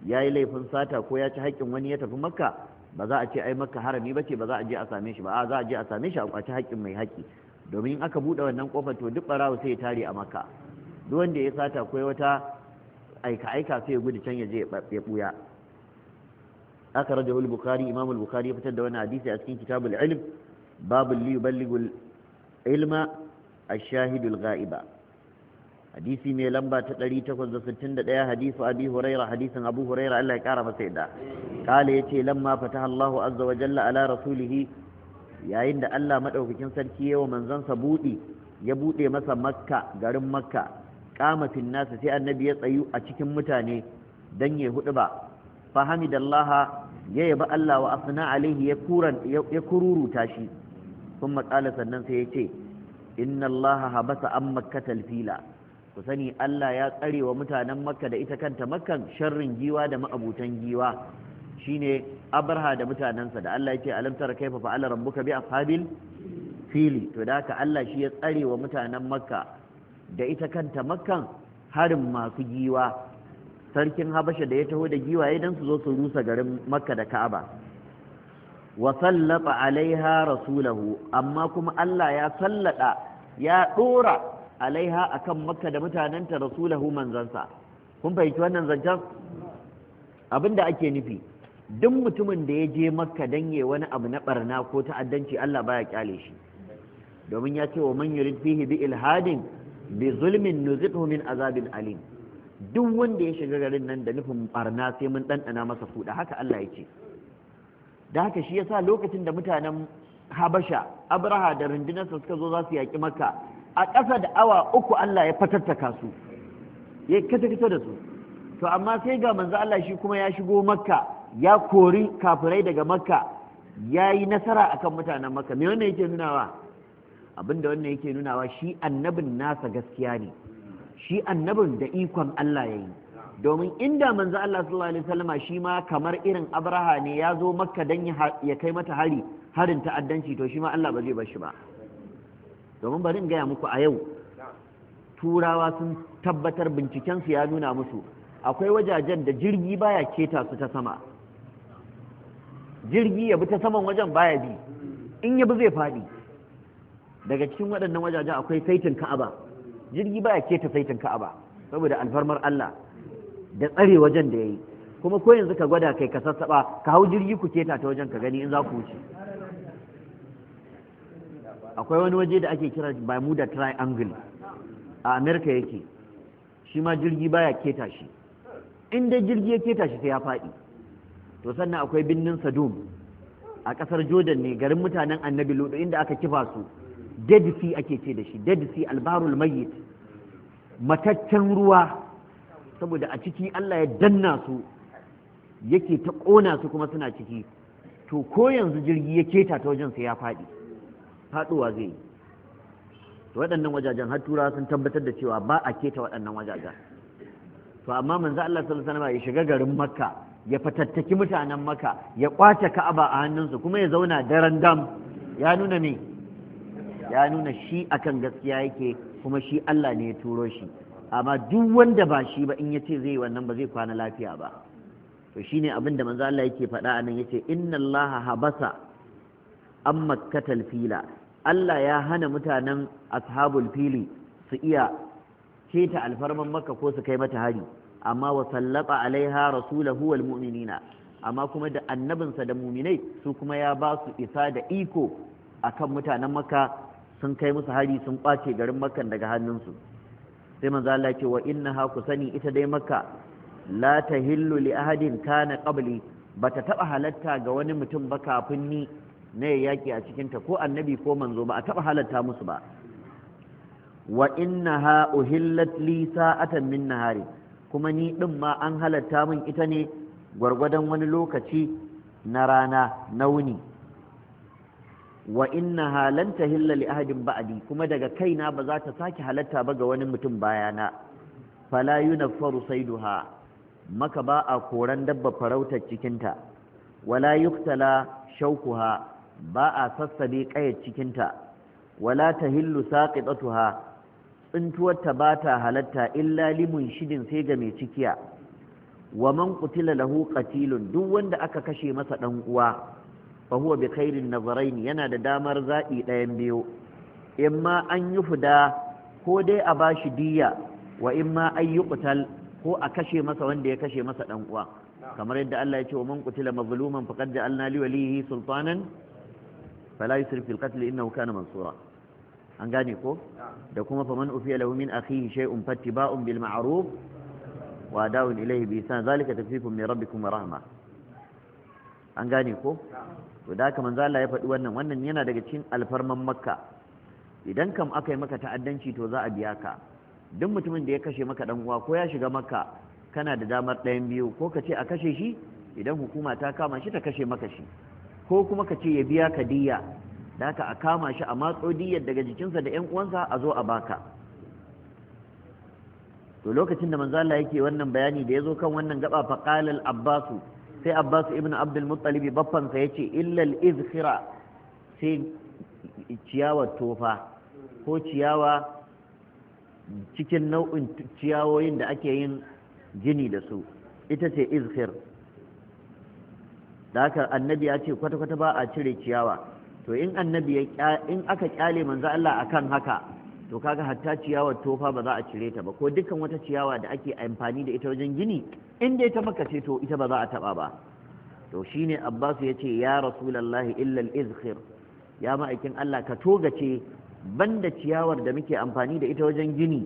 ya yi laifin sata ko ya ci haƙƙin wani ya tafi makka ba za a ce ai makka harami ba ce ba za a je a same shi ba a za a je a same shi a ci haƙƙin mai haƙƙi domin aka buɗe wannan kofar to duk barawo sai ya tare a makka duk wanda ya sata ko wata aika aika sai ya gudu can ya je ya buya aka rajahu al-bukhari imam al ya fitar da wani hadisi a cikin kitabul ilm babul li yuballighu ilma ash-shahidul ghaiba hadisi mai lamba ta 861 hadisu abi huraira hadisin abu huraira Allah ya kara masa yadda kala ce lamma fataha Allahu azza wa jalla ala rasulihi yayin da Allah madaukakin sarki yawa manzansa budi ya bude masa makka garin makka qamatin nasu sai annabi ya tsayu a cikin mutane dan ya hudu ba fahamidallaha hamidallaha ya yaba Allah wa asna alaihi ya kuran ya kururuta shi kuma kala sannan sai ce inna Allah habasa an makkata talfila. ku sani Allah ya tsare wa mutanen makka da ita kanta makkan sharrin giwa da ma'abutan giwa shine abarha da mutanensa da Allah yake alam tara kaifa ala rabbuka bi ashabil fili to da haka Allah shi ya tsare wa mutanen makka da ita kanta makkan harin masu giwa sarkin habasha da ya taho da ya dan su zo su rusa garin makka da ka'aba wa sallata alaiha rasulahu amma kuma Allah ya sallada ya dora alaiha akan makka da mutanenta rasulahu manzansa kun fahimci wannan zancen abinda ake nufi duk mutumin da ya je makka dan ya wani abu na barna ko ta'addanci Allah baya kyale shi domin ya ce wa man yurid fihi bi ilhadin bi zulmin nuzidhu min azabin alim duk wanda ya shiga garin nan da nufin barna sai mun ɗanɗana masa fuda haka Allah ya ce da haka shi yasa lokacin da mutanen habasha abraha da rundunarsa suka zo za su yaƙi makka a ƙasa da awa uku Allah ya fatattaka su ya kata fito da su to amma sai ga manzo Allah shi kuma ya shigo makka ya kori kafirai daga makka ya yi nasara akan mutanen makka me wannan yake nunawa abinda wannan yake nunawa shi annabin nasa gaskiya ne shi annabin da ikon Allah ya yi domin inda manzo Allah sallallahu alaihi wasallama shi ma kamar irin Abraha ne ya zo makka dan ya kai mata hari harin ta'addanci to shi ma Allah ba zai bar shi ba domin bari in gaya muku a yau turawa sun tabbatar bincikensu ya nuna musu akwai wajajen da jirgi baya keta su ta sama jirgi ya bi ta saman wajen baya bi in ya bi zai faɗi daga cikin waɗannan wajajen akwai saitin ka'aba jirgi baya keta saitin ka'aba saboda alfarmar Allah da tsare wajen da ya yi kuma ko yanzu ka gwada kai ka sassaɓa ka hau jirgi ku keta ta wajen ka gani in za ku wuce akwai wani waje da ake kira bermuda triangle a america yake shi ma jirgi baya keta shi in jirgi ya keta shi sai ya faɗi to sannan akwai birnin sadum a ƙasar jordan ne garin mutanen annabi lodo inda aka kifa su dead sea ake ce da shi dead sea albarul mayyit mataccen ruwa saboda a ciki allah ya danna su yake ta ƙona su kuma suna ciki to ko yanzu jirgi ya keta ta wajen sai ya faɗi faɗuwa zai yi To waɗannan wajajen har turawa sun tabbatar da cewa ba a keta waɗannan wajajen to amma manzo Allah sallallahu alaihi wasallam ya shiga garin Makka ya fatattaki mutanen Makka ya kwace Ka'aba a hannunsu kuma ya zauna daren dam ya nuna me ya nuna shi akan gaskiya yake kuma shi Allah ne ya turo shi amma duk wanda ba shi ba in ya ce zai wannan ba zai kwana lafiya ba to shine abin da manzo Allah yake faɗa anan yace inna Allah habasa amma katal fila Allah ya hana mutanen ashabul fili su iya keta alfarman makka ko su kai mata hari amma wa sallaba alaiha rasulahu wal mu'minina amma kuma da annabinsa da muminai su kuma ya ba su isa da iko akan mutanen makka sun kai musu hari sun ƙwace garin Makka daga hannunsu sai manzo Allah ce wa ha ku sani ita dai makka la tahillu li ahadin kana qabli bata taba halatta ga wani mutum ba kafin ni na yaƙi a cikinta ko annabi ko manzo ba a taɓa halatta musu ba wa ha uhillat li sa'atan min nahari kuma ni din ma an halatta min ita ne gwargwadon wani lokaci na rana na wuni wa ha lan tahilla li ahadin ba'di kuma daga kaina ba za ta sake halatta ba ga wani mutum bayana fala yunfaru duha. maka ba a koran dabba farautar cikinta wala yuktala shaukuha ba a sassabe ƙayar cikinta wala ta hillu saƙiɗatuha tsintuwarta ba ta halatta illa limun shidin sai ga mai cikiya wa man qutila lahu qatilun duk wanda aka kashe masa dan uwa fa huwa bi khairin nazarain yana da damar zaɓi ɗayan biyu imma an yi fuda ko dai a bashi diya wa imma an yi qutal ko a kashe masa wanda ya kashe masa dan uwa kamar yadda Allah ya ce wa man qutila mazluman faqad ja'alna li walihi sultanan fala yusrif fil qatl innahu kana mansura an gane ko da kuma faman ufiya lahu min akhihi shay'un fattiba'un bil ma'ruf wa da'un ilayhi bi ihsan zalika tawfiqun min rabbikum wa rahma an gane ko to da haka manzo ya faɗi wannan wannan yana daga cikin alfarman makka idan kam aka yi maka ta'addanci to za a biya ka duk mutumin da ya kashe maka dan uwa ko ya shiga makka kana da damar ɗayan biyu ko ka ce a kashe shi idan hukuma ta kama shi ta kashe maka shi ko kuma ka ce ya biya ka diya da ka a kama shi a matso diyar daga jikinsa da ƴan uwansa a zo a baka to lokacin da manzo Allah yake wannan bayani da yazo kan wannan gaba fa qalal abbas sai abbas ibn abdul muttalib baffan sa yace illa al-izkhira sai ciyawa tofa ko ciyawa cikin nau'in ciyawoyin da ake yin jini da su ita ce izkhira da haka annabi ya ce kwata-kwata ba a cire ciyawa to in annabi in aka kyale manzo Allah akan haka to kaga hatta ciyawar tofa ba za a cire ta ba ko dukkan wata ciyawa da ake amfani da ita wajen gini in dai ta ce to ita ba za a taba ba to shine Abbas ya ce ya Rasulullahi illa al-izkhir ya ma'aikin Allah ka togace banda ciyawar da muke amfani da ita wajen gini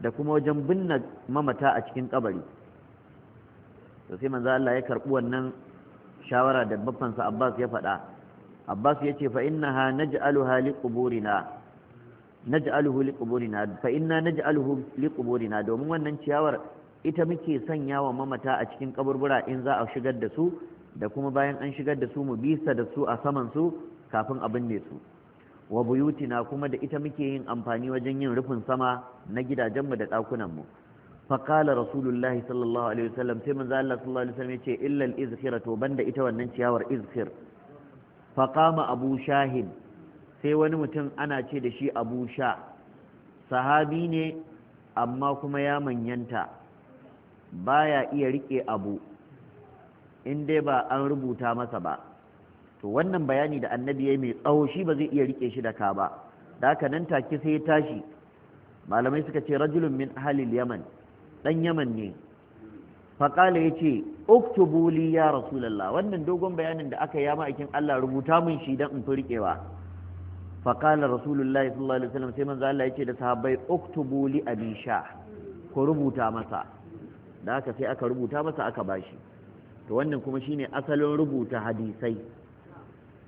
da kuma wajen binne mamata a cikin kabari to sai manzo Allah ya karbi wannan shawara da babbansa Abbas ya faɗa Abbas ya ce fa innaha naj'aluha liquburina naj'aluhu liquburina fa inna naj'aluhu liquburina domin wannan ciyawar ita muke sanya wa mamata a cikin kaburbura in za a shigar da su da kuma bayan an shigar da su mu bisa da su a saman su kafin a binne su wa buyutina kuma da ita muke yin amfani wajen yin rufin sama na gidajenmu da ɗakunanmu faƙala rasulullahi sallallahu alaihi wasallam sai manzo Allah sallallahu ya ce illal izkhira to banda ita wannan ciyawar izkhir faqama abu shahin sai wani mutum ana ce da shi abu sha sahabi ne amma kuma ya manyanta baya iya rike abu in dai ba an rubuta masa ba to wannan bayani da annabi ya mai tsawo shi ba zai iya rike shi da ka ba da haka nan take sai ya tashi malamai suka ce rajulun min halil yaman dan yaman ne faƙala ya ce uktubu ya rasulallah wannan dogon bayanin da aka yi ma'aikin Allah rubuta mun shi dan in fi riƙewa faƙala rasulullah sallallahu alaihi wasallam sai manzo Allah ya ce da sahabbai Oktoboli li abi sha ko rubuta masa da aka sai aka rubuta masa aka bashi to wannan kuma shine asalin rubuta hadisai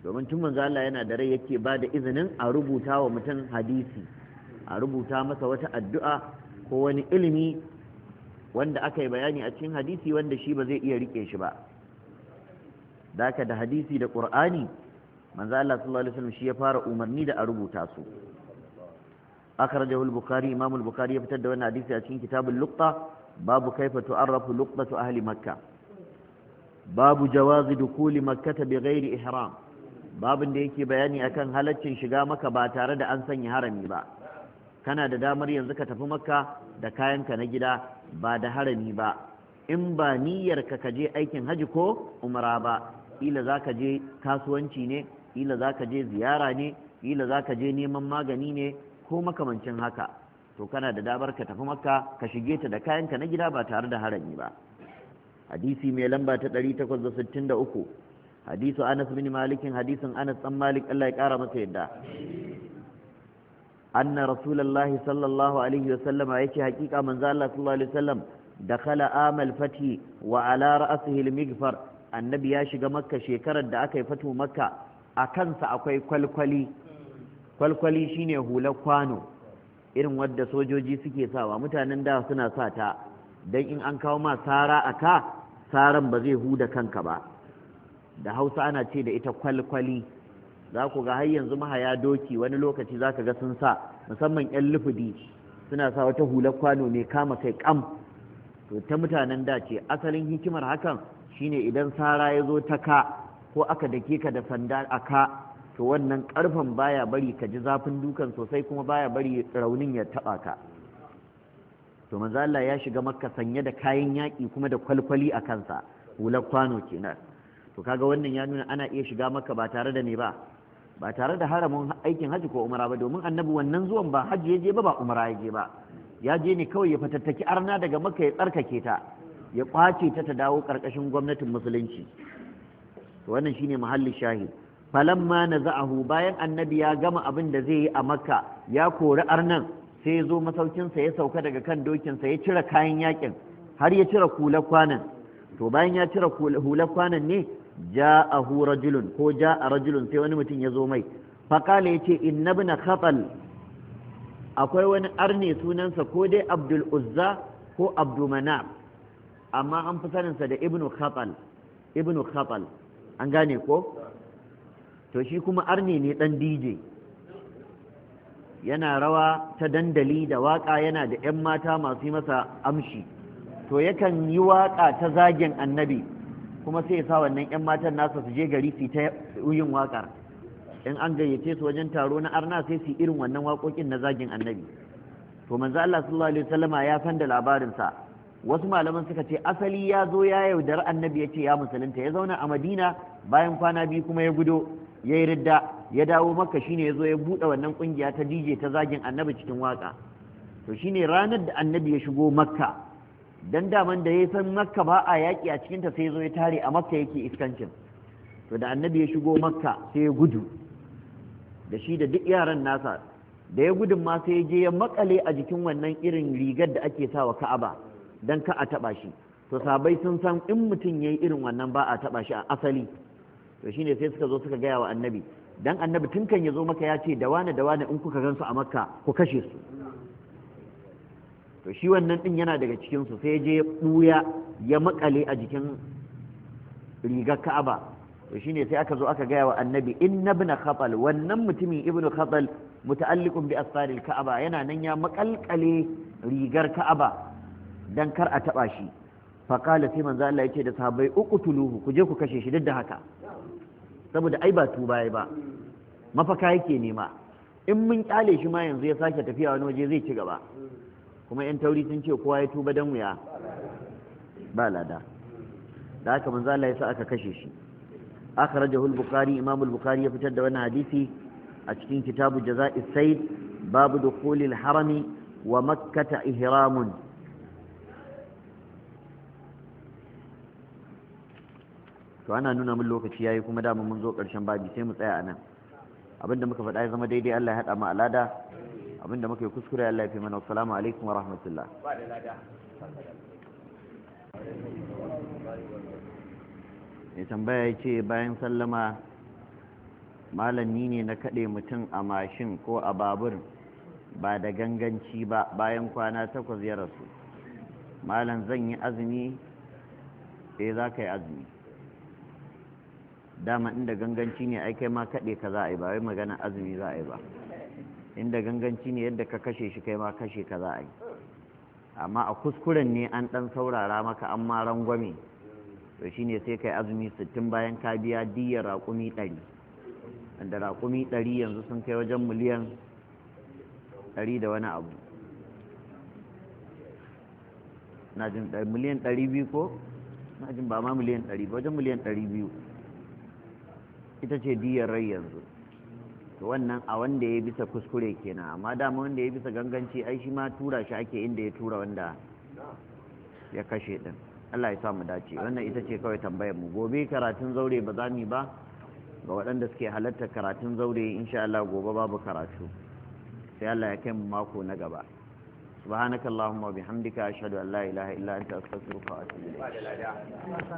domin tun manzo Allah yana da rai yake ba da izinin a rubuta wa mutum hadisi a rubuta masa wata addu'a ko wani ilimi wanda aka yi bayani a cikin hadisi wanda shi ba zai iya rike shi ba daka da hadisi da ƙur'ani manzo Allah sallallahu alaihi wasallam shi ya fara umarni da a rubuta su akhrajahu al-bukhari imam al-bukhari ya fitar da wannan hadisi a cikin kitabul luqta babu kaifa tu'arrafu luqtatu ahli makkah babu jawazi dukuli makkata bi ihram babin da yake bayani akan halaccin shiga maka ba tare da an sanya harami ba kana da damar yanzu ka tafi makka da kayanka na gida ba da harami ba in ba niyyar ka ka je aikin haji ko umra ba ila za ka je kasuwanci ne ila za ka je ziyara ne ila za ka je neman magani ne ko makamancin haka to kana da damar ka tafi makka ka shige ta da kayanka na gida ba tare da harami ba hadisi mai lamba ta 863 hadisu anas bin malikin hadisin anas dan malik Allah ya kara masa yadda anna rasulullahi sallallahu alaihi wasallam yace hakika manzo Allah sallallahu alaihi wasallam dakhala amal fati wa ala ra'sihi al-mighfar annabi ya shiga makka shekarar da aka yi fatu makka a kansa akwai kwalkwali kwalkwali shine hular kwano irin wadda sojoji suke sawa mutanen da suna sata ta dan in an kawo ma sara ka saran ba zai huda kanka ba da Hausa ana ce da ita kwalkwali za ku ga har yanzu mahaya doki wani lokaci za ka ga sun sa musamman 'yan lufudi suna sa wata hular kwano mai kama kai kam to ta mutanen da ce asalin hikimar hakan shine idan sara ya zo ta ka ko aka dake ka da sanda a ka to wannan karfan baya bari ka ji zafin dukan sosai kuma baya bari raunin ya taba ka to manzo Allah ya shiga makka sanye da kayan yaki kuma da kwalkwali a kansa hular kwano kenan to kaga wannan ya nuna ana iya shiga makka ba tare da ne ba ba tare da haramun aikin Hajji ko umara ba domin annabi wannan zuwan ba Hajji ya je ba ba umara ya je ba ya je ne kawai ya fatattaki arna daga maka ya tsarkake ta ya kwace ta ta dawo karkashin gwamnatin musulunci wannan shine muhalli shahid falamma naza'ahu bayan annabi ya gama abin da zai yi a makka ya kori arnan sai ya zo sa ya sauka daga kan dokinsa ya cire kayan yakin har ya cire hular kwanan to bayan ya cire hular kwanan ne ja'ahu rajulun ko ja'a rajulun sai wani mutum ya zo mai faqala yace inna ibn khatal akwai wani arne sunansa ko dai abdul uzza ko Abdul manaf amma an fi saninsa da ibnu khatal ibnu khatal an gane ko to shi kuma arne ne dan dj yana rawa ta dandali da waka yana da 'yan mata masu yi masa amshi to yakan yi waka ta zagin annabi kuma sai ya sa wannan 'yan matan nasa su je gari su ta yin waƙar in an gayyace su wajen taro na arna sai su irin wannan waƙoƙin na zagin annabi to manzo Allah sallallahu alaihi wasallama ya san da labarin sa wasu malaman suka ce asali ya zo ya yaudar annabi yace ya musulunta ya zauna a Madina bayan kwana biyu kuma ya gudo ya yi ridda ya dawo makka shine ya zo ya buɗe wannan kungiya ta DJ ta zagin annabi cikin waka to shine ranar da annabi ya shigo makka dan daman da ya san makka ba a yaƙi a cikinta sai zo ya tare a makka yake iskancin to da annabi ya shigo makka sai ya gudu da shi da duk yaran nasa da ya gudun ma sai ya je ya makale a jikin wannan irin rigar da ake sawa ka'aba dan ka a taba shi to sabai sun san in mutum yayi irin wannan ba a taba shi a asali to shine sai suka zo suka gaya wa annabi dan annabi tun kan ya zo maka ya ce da wane da wane in kuka gansu a makka ku kashe su to shi wannan din yana daga cikin su sai je buya ya makale a jikin rigar Ka'aba to shine sai aka zo aka gaya wa annabi inna ibn khatal wannan mutumin ibn khatal muta'alliqun bi asfaril Ka'aba yana nan ya makalkale rigar Ka'aba dan kar a taba shi fa qala sai manzo Allah yace da sahabbai uqtuluhu ku je ku kashe shi duk da haka saboda ai ba tuba ba mafaka yake nema in mun kyale shi ma yanzu ya sake tafiya wani waje zai ci gaba kuma yan tauri sun ce kowa ya tuba dan wuya ba lada da haka manzo Allah ya sa aka kashe shi akhrajahu al-bukhari imam al-bukhari ya fitar da wannan hadisi a cikin kitabu jaza'is sayd babu dukhul al-harami wa makkah ihramun to ana nuna min lokaci yayi kuma da mun zo karshen babi sai mu tsaya anan abinda muka faɗa ya zama daidai Allah ya haɗa mu alada abinda muka kuskure Allah ya fi mana assalamu alaikum wa rahmatullah ya tambaya ya ce bayan sallama ni ne na kaɗe mutum a mashin ko a babur ba da ganganci ba bayan kwana takwas ya rasu malam zan yi azumi e za ka yi azumi dama inda ganganci ne aikai ma kaɗe ka za a yi ba wai magana azumi za a yi ba inda ganganci ne yadda ka kashe shi kai ma kashe ka za a yi amma a kuskuren ne an ɗan saurara maka an ma rangwame to ne sai kai azumi sittin bayan ka biya diyyar raƙumi ɗari wanda raƙumi ɗari yanzu sun kai wajen miliyan ɗari da wani abu na jin miliyan ɗari biyu ko na jin ba ma miliyan ɗari ba wajen miliyan ɗari biyu ita ce diyyar rai yanzu to wannan a wanda ya bisa kuskure kenan amma dama wanda ya bisa ganganci ai shi ma tura shi ake inda ya tura wanda ya kashe din Allah ya sa mu dace wannan ita ce kawai tambayar mu gobe karatun zaure ba za mu ba ga waɗanda suke halarta karatun zaure insha Allah gobe babu karatu sai Allah ya kai mu mako na gaba subhanakallahumma wa bihamdika ashhadu an la ilaha illa anta astaghfiruka wa atubu ilayk